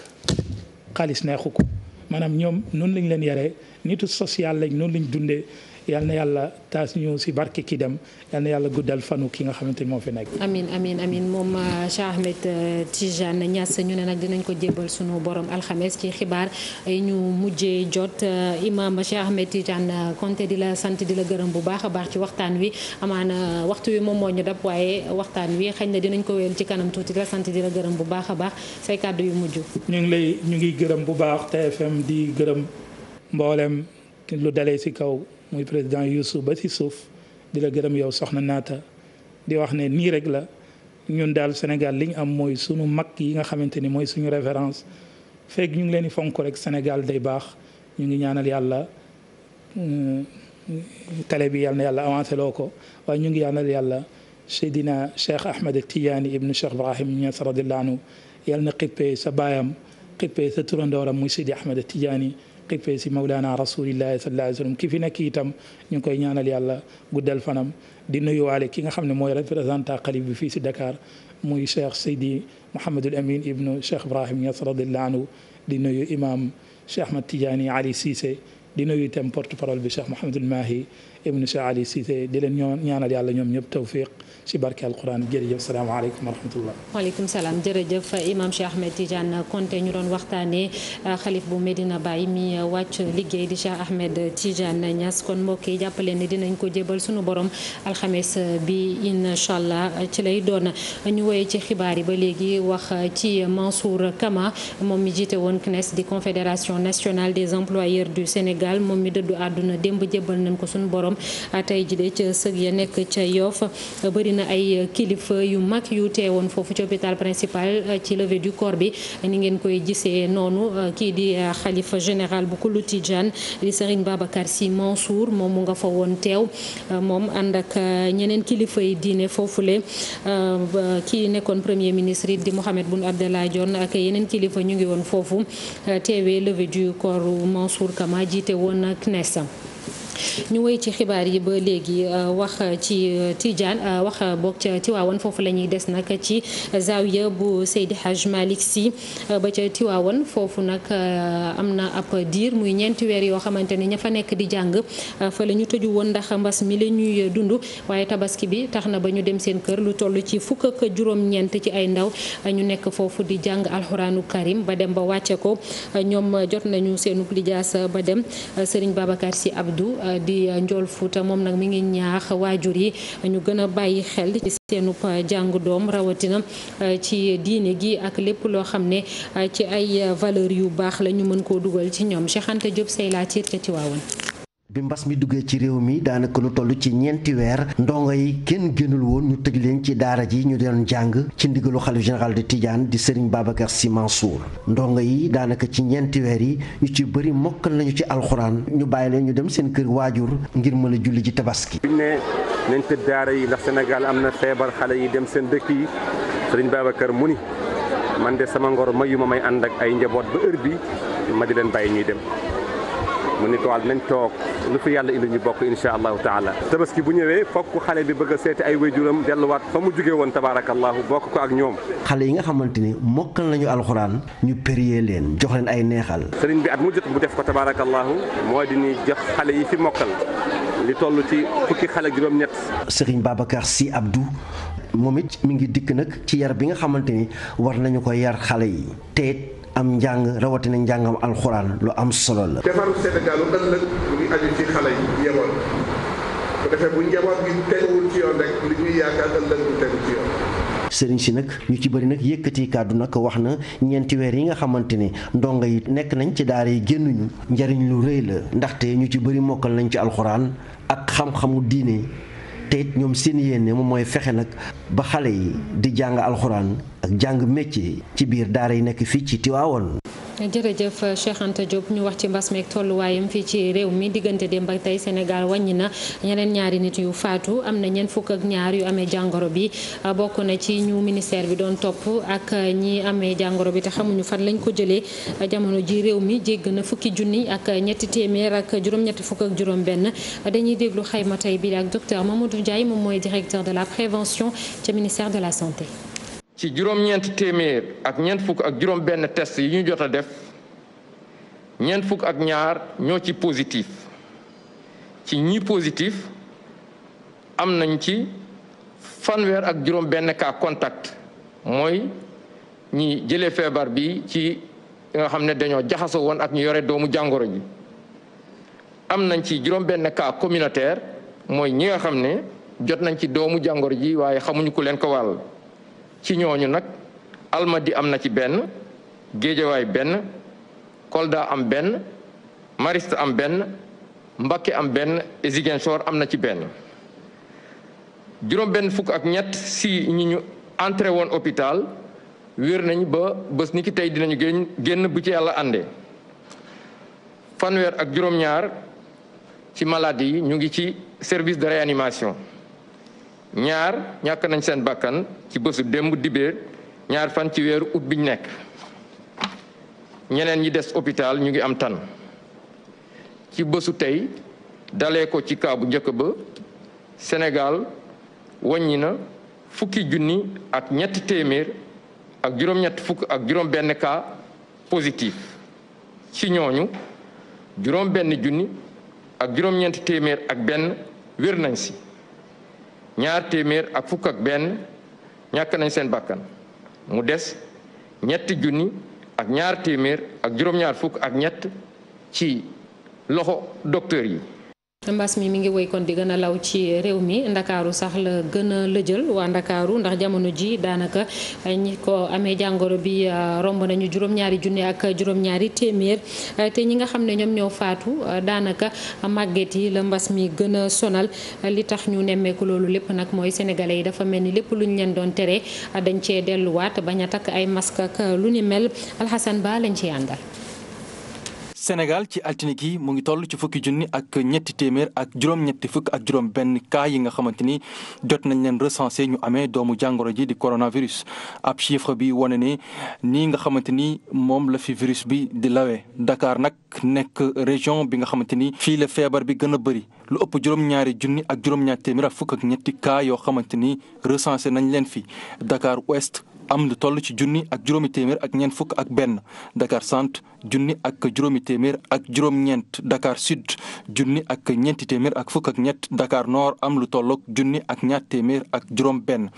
xaalis neexu ko maanaam ñoom noonu lañ leen yare nitu social lañ noonu lañ dundee yal yàlla taas ñu si barke ki dem yàlla guddal fanu ki nga xamante ni moo fi nekk. amiin amin amiin moom euh, Cheikh Ahmed euh, Tidiane Niass ñu ne nag dinañ ko jébbal suñu borom alxames ci xibaar yi ñu mujjee jot euh, imaam Cheikh Ahmed Tidiane Konté di la sant di la gërëm bu baax a baax ci waxtaan wi amaana waxtu wi moom moo ñu dab waaye waxtaan wi xëy na dinañ ko wéyal ci kanam tuuti di la sant di la gërëm bu baax a baax say kàddu yu mujj. ñu ngi lay ñu ngi gërëm bu baax TFM di gërëm mboolem lu dalee si kaw. mooy président Youssou ba ci suuf di la gërëm yow soxna naata di wax ne nii rek la ñun daal Sénégal li ñu am mooy sunu mag yi nga xamante ni mooy suñu référence fekk ñu ngi leen di fonk rek Sénégal day baax ñu ngi ñaanal yàlla mm, télé bi yàlla na yàlla avancé loo ko waaye ñu ngi ñaanal yàlla Seydina Cheikh Ahmed Tidiane ibnu Cheikh Ibrahim Niass radiyallahu anhu yàlla na xippee sa baayam xippee sa turandooram muy Seydi Ahmed Tidiane xippee si mawlaana rasulillahi sallallahu alayhi wa sallam ki fi ñu ngi koy ñaanal yàlla guddal fanam di nuyuwaale ki nga xam ne mooy représentant xalif bi fii si Dakar muy cheikh Seydi Mouhamadul Amin ibnu cheikh Ibrahim Niass radiyallahu anhu di nuyu imam cheikh Ahmad Tidiane Ali Cissé di nuyu itam porte parole bi cheikh Mouhamadul Mahi ibnu Cheikh Ali Cissé di leen ñoo ñaanal yàlla ñoom ñëpp tawfiq ci barke alquran jërëjëf salaamaaleykum wa rahmatullah. waaleykum salaam jërëjëf imaam Cheikh Ahmed Tidiane Konté ñu doon waxtaanee euh, xalif bu Medina Baye mi euh, wàcc liggéey di Cheikh Ahmed Tidiane Niass kon mbokk yi jàppale ne dinañ ko jébal sunu borom alxames bi incha allah ci lay doon ñu woye ci xibaar yi ba léegi wax ci Mansour Kama moom mi jiite woon CNES di confédération nationale des employeurs du Sénégal moom mi dëddu àdduna démb jébal nañ ko sunu borom. borom ah, tey jii de ca sëg ya nekk ca Yoff bëri na ay kilifa yu mag yu teewoon foofu ci hôpital principal ah, ci levée du corps bi ni ngeen koy gisee noonu ah, kii di xalifa général bu kulu Tijaan di Serigne Babacar Sy Mansour moom mu nga fa woon teew moom ànd ak ñeneen kilifa yi diine foofule kii nekkoon premier ministre it di Mahammed Boun Abdallah Dionne ak yeneen kilifa ñu ngi woon foofu teewee levée du corps Mansour Kama jiite woon CNES ñu woy ci xibaar yi ba léegi euh, wax ci euh, Tidiane euh, wax boog ca Tiwaawan foofu la ñuy des nag ci zawiya bu Seydi Haj Malick Sy ba ca Tiwaawan foofu nag am na ab diir muy ñeenti weer yoo xamante ni ña fa nekk di jàng fa la ñu tëju woon ndax mbas mi la ñuy dund waaye tabaski bi tax na ba ñu dem seen kër lu toll ci fukk ak juróom-ñeent ci ay ndaw ñu nekk foofu di jàng alxuraanu karim ba dem ba wàcce ko ñoom jot nañu seenub lijaasa ba dem Serigne Babacar Sy Abdou Euh, di euh, njool fuuta moom nag mi ngi ñaax waajur yi ñu gën a bàyyi xel ci seenub euh, jàng doom rawatina ci diine gi ak lépp loo xam ne ci ay valeur yu baax la ñu mën koo dugal ci ñoom Cheikh Anta Diop say laa tiir ca Tiwaawan bi mbas mi duggee ci réew mi daanaka lu toll ci ñeenti weer ndongo yi kenn génnul woon ñu tëj leen ci daara ji ñu doon jàng ci ndigalu xalif général de Tidiane di Serigne Babacar Sy Mansour ndongo yi daanaka ci ñeenti weer yi ñu ci bëri mokkal nañu ci alxuraan ñu bàyyi leen ñu dem seen kër waajur ngir mën a julli ji tabaski. biñ ne nañ daara yi ndax Sénégal am na feebar xale yi dem seen dëkk yi Serigne Babacar mu ni man de sama ngor mayu ma may ànd ay njaboot bi ma di leen bàyyi ñuy dem. mu ni ko wàll nañ toog lu fi yàlla indi ñu bokk insha allahu taala ki bu ñëwee fokk xale bi bëgg a seeti ay wéyjuram delluwaat fa mu jugee woon tabaarakallahu bokk ko ak ñoom xale yi nga xamante ni mokkal nañu alxuraan ñu périer leen jox leen ay neexal sëriñ bi at mu jot mu def ko tabaarakallahu moo di ni jox xale yi fi mokkal li toll ci fukki xale juróom-ñett sëriñ Babacar Sy Abdou moom it mi ngi dikk nag ci yar bi nga xamante ni war nañu ko yar xale yi te am njàng rawatina njàngam alxuraan lu am solo la. defaru Sénégal ëllëg mu ngi aju ci xale yi njaboot bu bu njaboot gi teguwul ci yoon rek li ñuy yaakaar ëllëg du tegu ci yoon. sëriñ si nag ñu ci bari nag yëkkati kàddu nag wax na ñeenti weer yi nga xamante ni ndongo yi nekk nañ ci daara yi génnuñu njariñ lu rëy la ndaxte ñu ci bari mokkal nañ ci alxuraan ak xam-xamu diine. te ñoom seen yéene moom mooy fexe nag ba xale yi di jàng alxuraan ak jàng métier ci biir daara yi nekk fii ci Tiwaawoon jërëjëf Cheikh Anta ñu wax ci mbas meek tolluwaayam fii ci réew mi diggante démb ak tey Sénégal wàññi na ñeneen ñaari nit yu faatu am na ñeen fukk ak ñaar yu amee jàngoro bi bokk na ci ñu ministère bi doon topp ak ñi amee jàngoro bi te xamuñu fan lañ ko jëlee jamono ji réew mi jégg na fukki junni ak ñetti téeméer ak juróom-ñetti fukk ak juróom-benn dañuy déglu xayma tey bi ak docteur Mamadou Ndiaye moom mooy directeur de la prévention ca ministère de la santé. ci juróom-ñeent téeméer ak ñeent fukk ak juróom-benn test yi ñu jot a def ñeent fukk ak ñaar ñoo ci positif ci ñi positif am nañ ci fanweer ak juróom-benn cas contact mooy ñi jële feebar bi ci nga xam ne dañoo jaxasoo woon ak ñu yore doomu jàngoro ji am nañ ci juróom-benn cas communautaire mooy ñi nga xam ne jot nañ ci doomu jàngoro ji waaye xamuñu ku leen ko wàll. ci ñooñu nag Almadi am na ci benn Géejawaay benn Kolda am benn Mariste am benn Mbakke am benn et Ziguinchor am na ci benn juróom benn fukk ak ñett si ñi ñu entré woon hôpital wér nañ ba bés ni ki tey dinañu génn génn bu ci yàlla àndee fanweer ak juróom-ñaar ci maladie yi ñu ngi ci service de réanimation ñaar ñàkk nañ seen bakkan ci bésu démb dibéer ñaar fan ci weeru ut biñ nekk ñeneen ñi des hôpital ñu ngi am tan ci bésu tey dalee ko ci kaa njëkk ba senegal wàññi na fukki junni ak ñetti téeméer ak juróom-ñett fukk ak juróom-benn cas positif ci ñooñu juróom-benn junni ak juróom-ñeenti téeméer ak benn wér nañ si ñaar téeméer ak fukk ak benn ñàkk nañ seen bakkan mu des ñetti junni ak ñaar téeméer ak juróom-ñaar fukk ak ñett ci loxo docteur yi mbas mi mi ngi woy kon di gën a law ci réew mi ndakaaru sax la gën a lëjal waa ndakaaru ndax jamono ji daanaka ñi ko amee jàngoro bi euh, romb nañu juróom-ñaari junne ak juróom-ñaari téeméer euh, te ñi nga xam ne ñoom ñoo faatu euh, daanaka màgget yi la mbas mi gën a sonal li tax ñu nemmeeku loolu lépp nag mooy sénégalais yi dafa mel ni lépp lu ñu leen doon tere dañ cee delluwaat ba a takk ay masque lu ni mel Alxasan Ba lañ ci àndal Sénégal ci altine gi mu ngi toll ci fukki junni ak ñetti téeméer ak juróom-ñetti fukk ak juróom-benn cas yi nga xamante ni jot nañ leen recensé ñu amee doomu jàngoro ji di coronavirus ab chiffre bi wane ne nii nga xamante ni moom la fi virus bi di lawe Dakar nag nekk région bi nga xamante ni fii la feebar bi gën a bëri lu ëpp juróom-ñaari junni ak juróom-ñaari téeméer ak fukk ak ñetti cas yoo xamante ni recensé nañ leen fi Dakar Ouest am lu toll ci junni ak juróomi téeméer ak ñeent fukk ak benn Dakar junni ak juróomi téeméer ak juróom-ñeent Dakar Sud junni ak ñeenti téeméer ak fukk ak ñett Dakar Nord am lu tolloog junni ak ñaar téeméer ak juróom-benn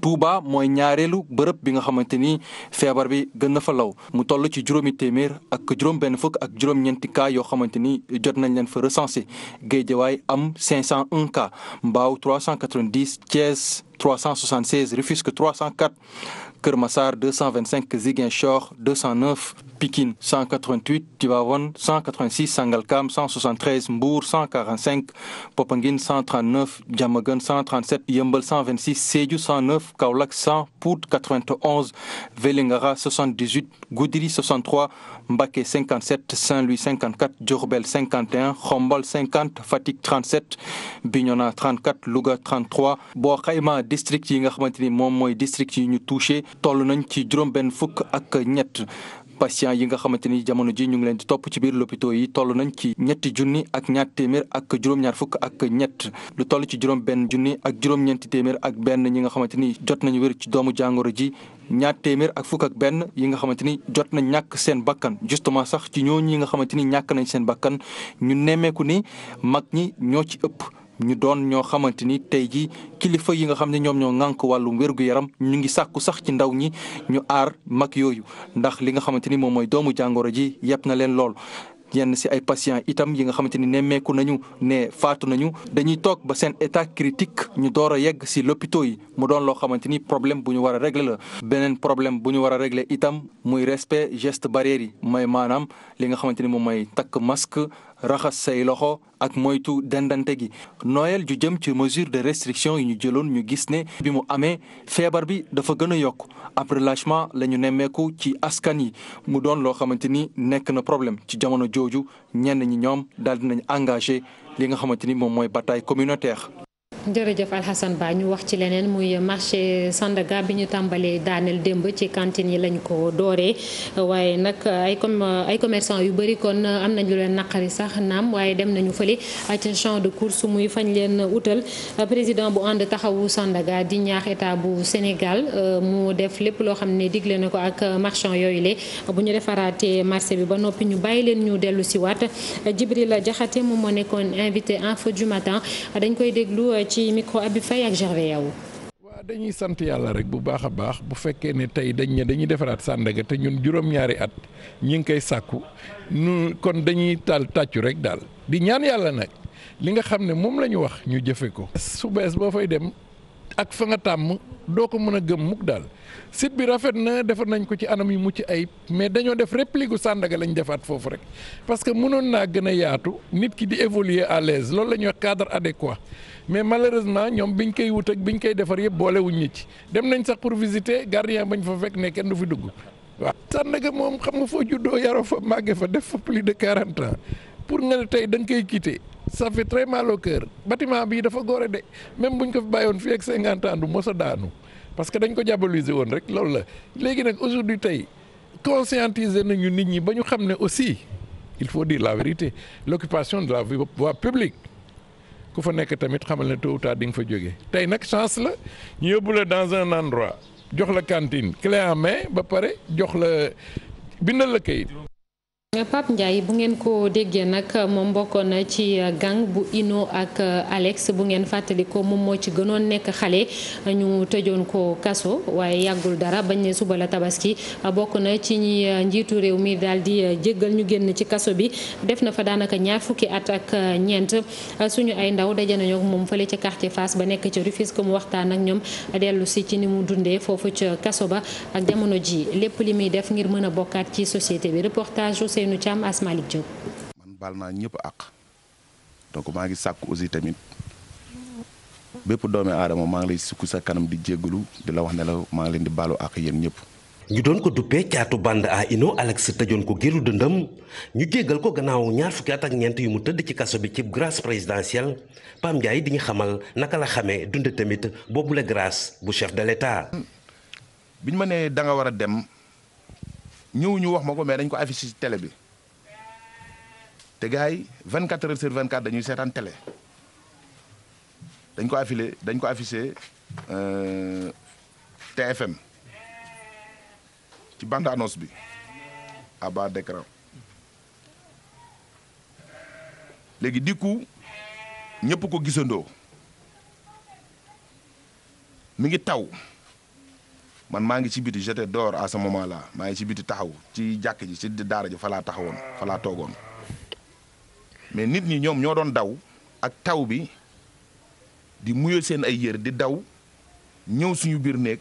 Touba mooy ñaareelu bërëb bi nga xamante ni feebar bi gën na fa law mu toll ci juróomi téeméer ak juróom-benn fukk ak juróom-ñeenti cas yoo xamante ni jot nañ leen fa géej Guédiawaye am 501 cas Mbao 390 Thiès 376 cent 304 Kër Massar 225 Ziguinchor 209 Pikine 104 188 Tivaouane 186 Sangalkam 173 Mbour 145 Popenguine 139 Diamaguène 137 Yeumbeul 126 Sédhiou 109 Kaolack 100 Pout 91 Vélingara 78 Goudiri 63 Mbacké 57 Saint-Louis 54 Diourbel 51 Khombol 50 Fatick 37 Bignona 34 Louga 33 boo xayma district yi nga xamante ni moom mooy district yi ñu touché toll nañ ci juróom benn fukk ak ñett patient yi nga xamante ni jamono ji ñu ngi leen di topp ci biir lopito yi tollu nañ ci ñetti junni ak ñaar téeméer ak juróom-ñaar fukk ak ñett lu toll ci juróom benn junni ak juróom-ñeenti téeméer ak benn ñi nga xamante ni jot nañu wér ci doomu jàngoro ji ñaar téeméer ak fukk ak benn yi nga xamante ni jot nañ ñàkk seen bakkan justement sax ci ñooñu yi nga xamante ni ñàkk nañ seen bakkan ñu nemmeeku ni mag ñi ñoo ci ëpp ñu doon ñoo xamante ni tey jii kilifa yi nga xam ne ñoom ñoo ŋànk wàllu wér yaram ñu ngi sàkku sax ci ndaw ñi ñu aar mag yooyu ndax li nga xamante ni moom mooy doomu jàngoro ji yàpp na leen lool. yenn si ay patients itam yi nga xamante ni nemmeeku nañu ne faatu nañu dañuy toog ba seen état critique ñu door a yegg si lopito yi mu doon loo xamante ni problème bu ñu war a régler la. beneen problème bu ñu war a régler itam muy respect geste barrière yi mooy maanaam li nga xamante ni moom mooy takk masque. raxas say loxo ak moytu dendante gi noyel ju jëm ci mesure de restriction yi ñu jëloon ñu gis ne bi mu amee feebar bi dafa gën a yokk ab relâchement la ñu nemmeeku ci askan yi mu doon loo xamante ni nekk na problème ci jamono jooju ñenn ñi ñoom daal dinañ engagé li nga xamante ni moom mooy bataay communautaire jërëjëf Alhassane Ba ñu wax ci leneen muy marché Sandaga bi ñu tàmbalee daaneel démb ci kantine yi lañ ko dooree waaye nag ay com ay commerçant yu bëri kon am nañ lu leen naqari sax naam waaye dem nañu fële ci champ de course muy fañ leen wutal président bu ànd taxawu Sandaga di ñaax état bu Sénégal euh, mu def lépp loo xam ne digle na ko ak marchand yooyu le bu ñu defaraatee marché bi ba noppi ñu bàyyi leen ñu dellu si waat Jibril Jaxate moom moo nekkoon invité ci micro Habib Faye ak Gervais Yaw waaw dañuy sant yàlla rek bu baax a baax bu fekkee ne tey dañ dañuy defaraat Sandaga te ñun juróom-ñaari at ñi ngi koy sàkku nu kon dañuy taal tàccu rek daal di ñaan yàlla nag li nga xam ne moom la ñu wax ñu jëfe ko su bees boo fay dem ak fa nga tàmm doo ko mën a gëm mukk daal site bi rafet na defar nañ ko ci anam yu mucc ayib mais dañoo def réplique gu Sandaga lañu defaat foofu rek parce que mënoon naa gën a yaatu nit ki di évoluer à l'aise loolu la ñuy wax cadre adéquat mais malheureusement ñoom bi ñu koy wut ak ñu koy defar yëpp boolewuñ ñi ci dem nañ sax pour visiter gardien bañ fa fekk ne kenn du fi dugg waaw. Sandaga moom xam nga foo juddoo yaroo fa màgge fa def fa plus de 40 ans. pour nga ne tey da nga koy quitter ça fait très mal au cœur bii dafa góore de même buñ ko fi bàyyoon fii ak cinquante du mos a daanu parce que dañ ko diaboliser woon rek loolu la léegi nag aujourd'hui tey conscientiser nañu nit ñi ba ñu xam ne aussi il faut dire la vérité l'occupation de la voie publique ku fa nekk tamit xamal ne tôt di nga fa jógee tey nag chance la ñu yóbbu la dans un endroit jox la cantine clé en ba pare jox la bindal la Pape Ndiaye bu ngeen ko déggee nag moom bokkoon na ci gang bu Ino ak Alex bu ngeen fàttali ko moom moo ci gënoon nekk xale ñu tëjoon ko kaso waaye yàggul dara bañ ne suba la tabaski bokk na ci ñi njiitu réew mi daal di jéggal ñu génn ci kaso bi def na fa daanaka ñaar fukki at ak ñeent suñu ay ndaw daje nañoo moom fële ca quartier Fass ba nekk ca ko mu waxtaan ak ñoom dellu si ci ni mu dundee foofu ca kaso ba ak jamono ji lépp li muy def ngir mën a bokkaat ci société Ousseynou Thiam As Malick Diop. man baal naa ñëpp àq donc maa ngi sàkk aussi tamit bépp doomi aadama maa ngi lay sukk sa kanam di jéggalu di la wax ne la maa ngi leen di baalu àq yéen ñëpp. ñu doon ko duppee caatu bande a Ino Alex tëjoon ko géru dëndam ñu jéggal ko gannaaw ñaar fukki at ak ñeent yi mu tëdd ci kaso bi ci grâce présidentielle Pam Ndiaye di ñu xamal naka la xamee dund tamit boobu la grâce bu chef de l' bi ñu ma nee da nga dem. ñu wax ma ko mais dañ ko affiché ci télé bi te gars yi 24 heures sur 24 dañuy seetaan télé dañ ko affilé dañ ko affiché euh, TFM ci bande annonce bi à bas d'écran léegi di ku ñëpp ko gisandoo mi ngi taw. man maa ngi ci biti j'étais dehors à la maa ngi ci biti taxaw ci jàkk ji ci daara ji fa laa taxawoon fa toogoon mais nit ñi ñoom ñoo doon daw ak taw bi di muyal seen ay yër di daw ñëw suñu biir néeg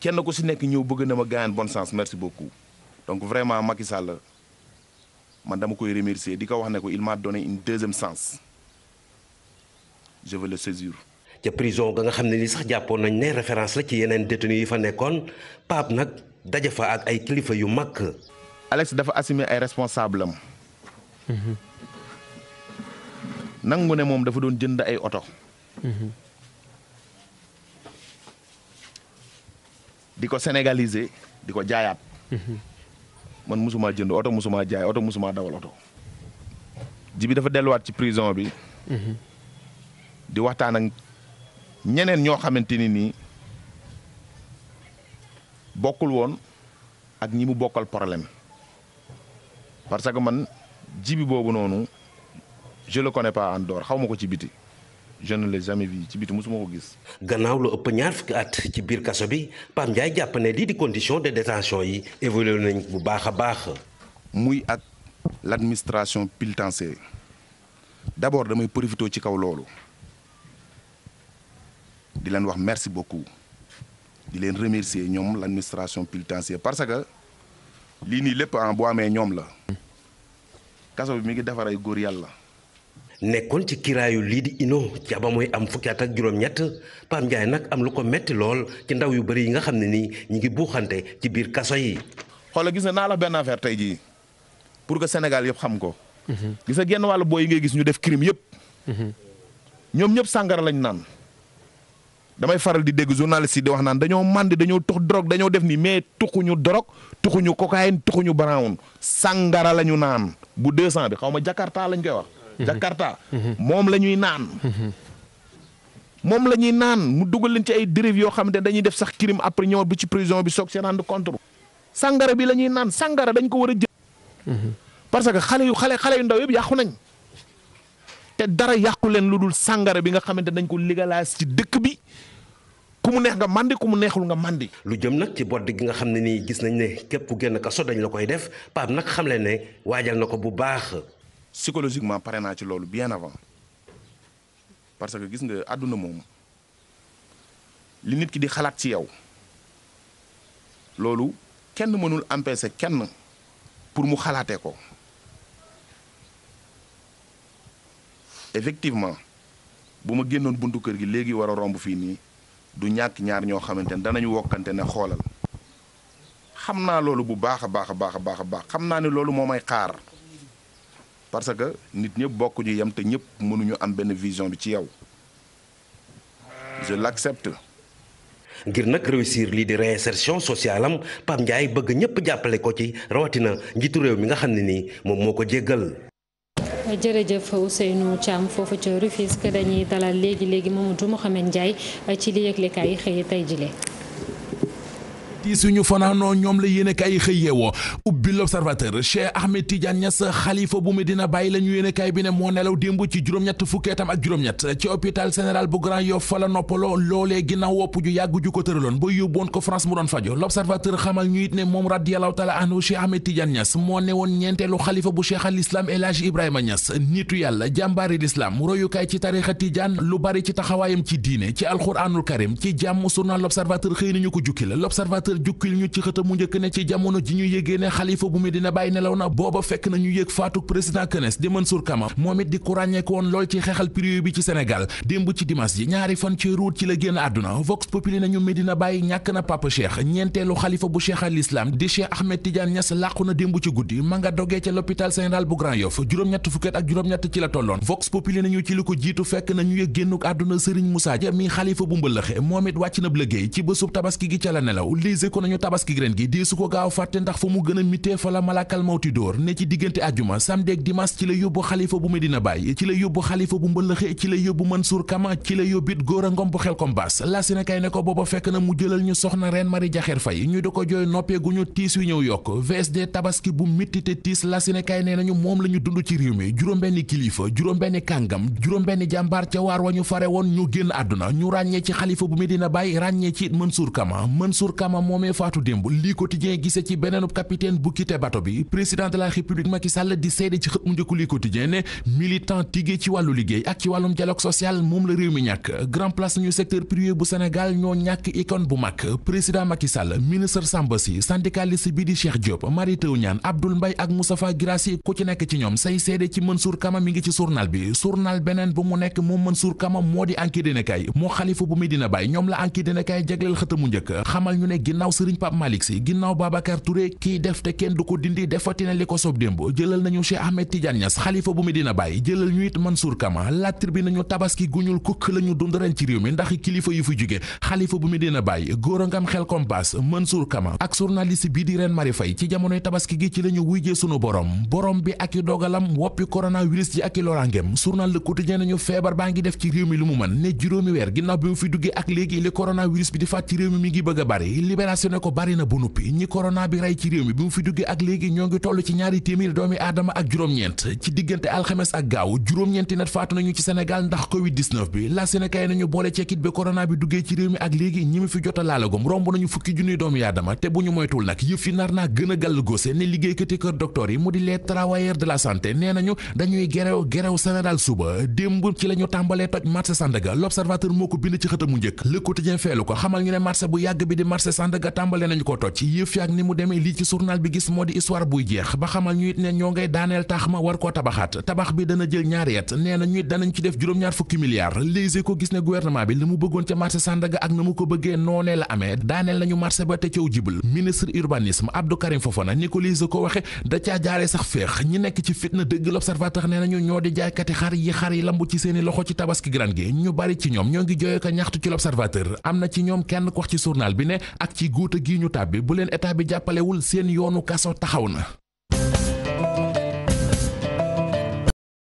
kenn ku si nekk ñëw bëgg na ma gaañaan bon sens merci beaucoup donc vraiment Macky Sall man dama koy remercier di ko wax ne ko il m'a donné une deuxième chance je veux ca prison ga nga xam ne ni sax jàppoon nañ ne référence la ci yeneen détenu yi fa nekkoon Pape nag daje fa ak ay kilifa yu mag. Alex dafa assumer ay responsable am. Mhm. nangu ne moom dafa doon jënd ay oto. Mhm. di ko sénégaliser di ko jaayaat. Mhm. man mosuma jënd oto mosuma jaay oto mosuma dawal oto. ji bi dafa delluwaat ci prison bi. di waxtaan ñeneen ñoo xamante ni nii bokkul woon ak ñi mu bokkal problème parce que man jibi boobu noonu je le connais pas en dehors xaw ma ko ci biti je ne l'ai jamais vu ci biti mosuma ko gis. gannaaw lu ëpp ñaar fukki at ci biir kaso bi Pape Ndiaye jàpp ne lii di condition de détention yi évolué nañ bu baax a baax. muy ak l'administration pénitentiaire d'abord damay profité ci kaw loolu. di leen wax merci beaucoup di leen remercier ñoom la l'administration pénitentiaire parce que lii nii lépp en boo amee ñoom la kaso bi mi ngi defar góor yàlla. nekkoon ci kiraayu lii di Ino ba muy am fukki at ak juróom-ñett Pape Ndiaye nag am lu ko metti lool ci ndaw yu bëri yi nga xam ne nii ñu ngi buuxante ci biir kaso yi. xoolal gis na naa la benn affaire tey jii pour que senegal yëpp xam ko. Mhm. gisa genn wàllu boo yi ngay gis ñu def crime yëpp. Mhm. ñoom ñëpp sàngara lañ naan. damay faral di dégg journaliste yi di wax naan dañoo màndi dañoo tux drogue dañoo def ni mais tuxuñu drogue tuxuñu cocaïne tuxuñu brown sàngara la ñu naan bu 200 bi xaw ma Jakarta lañ koy wax. Mhm. Jakarta mhm. moom la ñuy naan. Mhm. moom la ñuy naan mu dugal leen ci ay dérives yoo xam ne dañuy def sax crime après ñëw bi ci prison bi soog seen rendre compte. sàngara bi la ñuy naan sàngara dañ ko war a jël. parce que xale yu xale xale yu ndaw yëpp yàqu nañ. te dara yàqu leen lu dul sàngara bi nga xamante dañ ko légaliser ci dëkk bi ku mu neex nga màndi ku mu neexul nga màndi lu jëm nag ci bodd gi nga xam ne nii gis nañ ne képp ku génn kaso dañ la koy def Pape nag xam leen ne waajal na ko bu baax. psychologiquement pare naa ci loolu bien avant parce que gis nga àdduna moom li nit ki di xalaat ci yow loolu kenn mënul empêcher kenn pour mu xalaatee ko. effectivement bu ma génnoon buntu kër gi léegi war a romb fii nii du ñàkk ñaar ñoo xamante ne danañu wokkante ne xoolal xam naa loolu bu baax a baax a baax a baax a baax xam naa ne loolu moom ay xaar parce que nit ñëpp bokkuñu yem te ñëpp mënuñu am benn vision bi ci yow je l'accepte. ngir nag réussir lii di réinsertion sociale am Pape Ndiaye bëgg ñëpp jàppale ko ci rawatina njiitu réew mi nga xam ne nii moom moo ko jéggal. jërëjëf Ousseynou Thiam foofu ca Rufisque dañuy dalal léegi léegi Mamadou Mouhamed Ndiaye ci li yëglekaay yi xëy tey jilee tiis yu ñu fanaanoo ñoom la yéen a kaay xëy yeewoo ubbi l'observateur Cheikh Ahmed Tidiane Niass xalifa bu Medina Baye la ñu yéen a kaay bi ne moo nelaw démb ci juróom-ñett fukkeetam ak juróom-ñett ci hôpital général bu Grand Yoff fa la noppaloo loolee ginnaaw wopp ju yàgg ju ko tëraloon ba yóbboon ko France mu doon fajo l'observateur xamal ñu it ne moom radiyallahu taala anhu Cheikh Ahmed Tidiane Niass moo ne woon ñeenteelu xalifa bu Cheikh al Islam El Hadj Ibrahima Niass nitu yàlla jàmbaari l'islam royukaay ci tarixa Tidiane lu bari ci taxawaayam ci diine ci alxuraanul karim ci jàmm journal l'observateur xëy nañu ko jukki la l'observateur yëral jukkil ñu ci mu njëkk ne ci jamono ji ñu yégée ne xalifa bu Medina Baye nelaw na booba fekk na ñu yëg faatu président CNES di Mansour Kama moom it di ku ci xeexal privé bi ci Sénégal démb ci dimanche ji ñaari fan ci route ci la génn àdduna Vox Populi nañu Medina Baye ñàkk na Papa Cheikh ñeenteelu xalifa bu Cheikh al Islam di Cheikh Ahmed Tidiane Niass na démb ci guddi ma nga dogee ca l'hôpital général bu juróom-ñett fukket ak juróom-ñett ci la tolloon Vox Populi nañu ci li ko jiitu fekk na ñu yëg génnuk àdduna Serigne Moussa Dia mi xalifa bu mbëlëxe moom it wàcc na liggéey ci bésub tabaski gi ca la nelaw les ko nañu tabaski ren gi di su ko fàtte ndax fu mu gën a mitee fa la malakal mawti dóor ne ci diggante àjjuma samedi la yóbbu xalifa bu Medina Baye ci la yóbbu xalifa bu mbëlëxe ci la yóbbu Mansour Kama ci la yóbbit góor ngom bu xel kom baas la ne ko booba fekk na mu jëlal ñu soxna Reine Marie Diakher Faye ñu di ko jooy noppee gu ñu tiis yu ñëw yokk VSD tabaski bu métti te tiis la si nekay nee nañu moom la ñu dund ci réew mi juróom-benn kilifa juróom-benn kàngam juróom benni jàmbaar ca waar wa ñu fare woon ñu génn àdduna ñu ràññee ci xalifa bu na bàyyi ràññee ci Mansour Kama Mansour Kama moomee faatu démb lii quotidien gise ci beneenub capitaine bu quitté bato bi président de la république Macky di seede ci xët mu njëkku lii quotidien ne militant tigé ci wàllu liggéey ak ci wàllum dialogue social moom la réew mi ñàkk grand place ñu secteur privé bu Sénégal ñoo ñàkk icône bu mag président Macky Sall ministre Samba Sy syndicaliste bi di Cheikh Diop Mary Teuw Niane Abdoul Mbaye ak Moustapha Guirassy ku ci nekk ci ñoom say seede ci Mansour su mi ngi ci journal bi journal beneen bu mu nekk moom Mansour Kama moo di moo xalifa bu Medina ginnaaw sëriñ Pape Malick Sy ginnaaw Babacar Touré kii def te kenn du ko dindi defati na li ko sob démb jëlal nañu Cheikh Ahmed Tidiane Niass xalifa bu Medina bàyyi jëlal ñu it Mansour Kama la tribune nañu tabaski guñul kukk la ñu dund ren ci réew mi ndax kilifa yu fi jóge xalifa bu Medina Baye góor a ngam xel kombaas Mansour Kama ak journaliste bii di ren Mari Faye ci jamonoy tabaski gi ci la ñu wujjee sunu borom borom bi ak i dogalam woppi coronavirus ji ak i lorangem journal Le feebar baa ngi def ci réew mi lu mu mën ne juróomi weer ginnaaw bi mu fi duggee ak léegi ngi bëgg a bari Libération ko bari na bu nuppi ñi corona bi rey ci réew mi bi mu fi duggee ak léegi ñoo ngi toll ci ñaari téeméeri doomi aadama ak juróom-ñeent ci diggante alxames ak gaaw juróom-ñeenti nit faatu nañu ci Sénégal ndax Covid bi la Sénégal nañu boole cekkit bi corona bi duggee ci réew mi ak léegi ñi mu fi jot a romb nañu fukki junniy doomi aadama te bu ñu moytul nag yëf yi nar naa gën a gàll ne liggéeykati kër docteur yi mu di les travailleurs daanaka tàmbale nañu ko toj yëf yaak ni mu demee lii ci journal bi gis moo di histoire buy jeex ba xamal ñu it ne ñoo ngay daaneel taax ma war koo tabaxaat tabax bi dana jël ñaari at nee ñu it danañ ci def juróom-ñaar ko gis ne gouvernement bi la mu bëggoon ca marché Sandaga ak na mu ko bëggee noonee la amee daaneel nañu marché ba te cëw jibal ministre urbanisme Abdou Karim Fofana ni ko waxe da caa jaaree sax féex ñi nekk ci fitna dëgg l'observateur yi xar yi lamb ci seeni loxo ci tabaski gran gi bi ci guuta ñu tàbbi bu leen état bi jàppalewul seen yoonu kaso taxaw na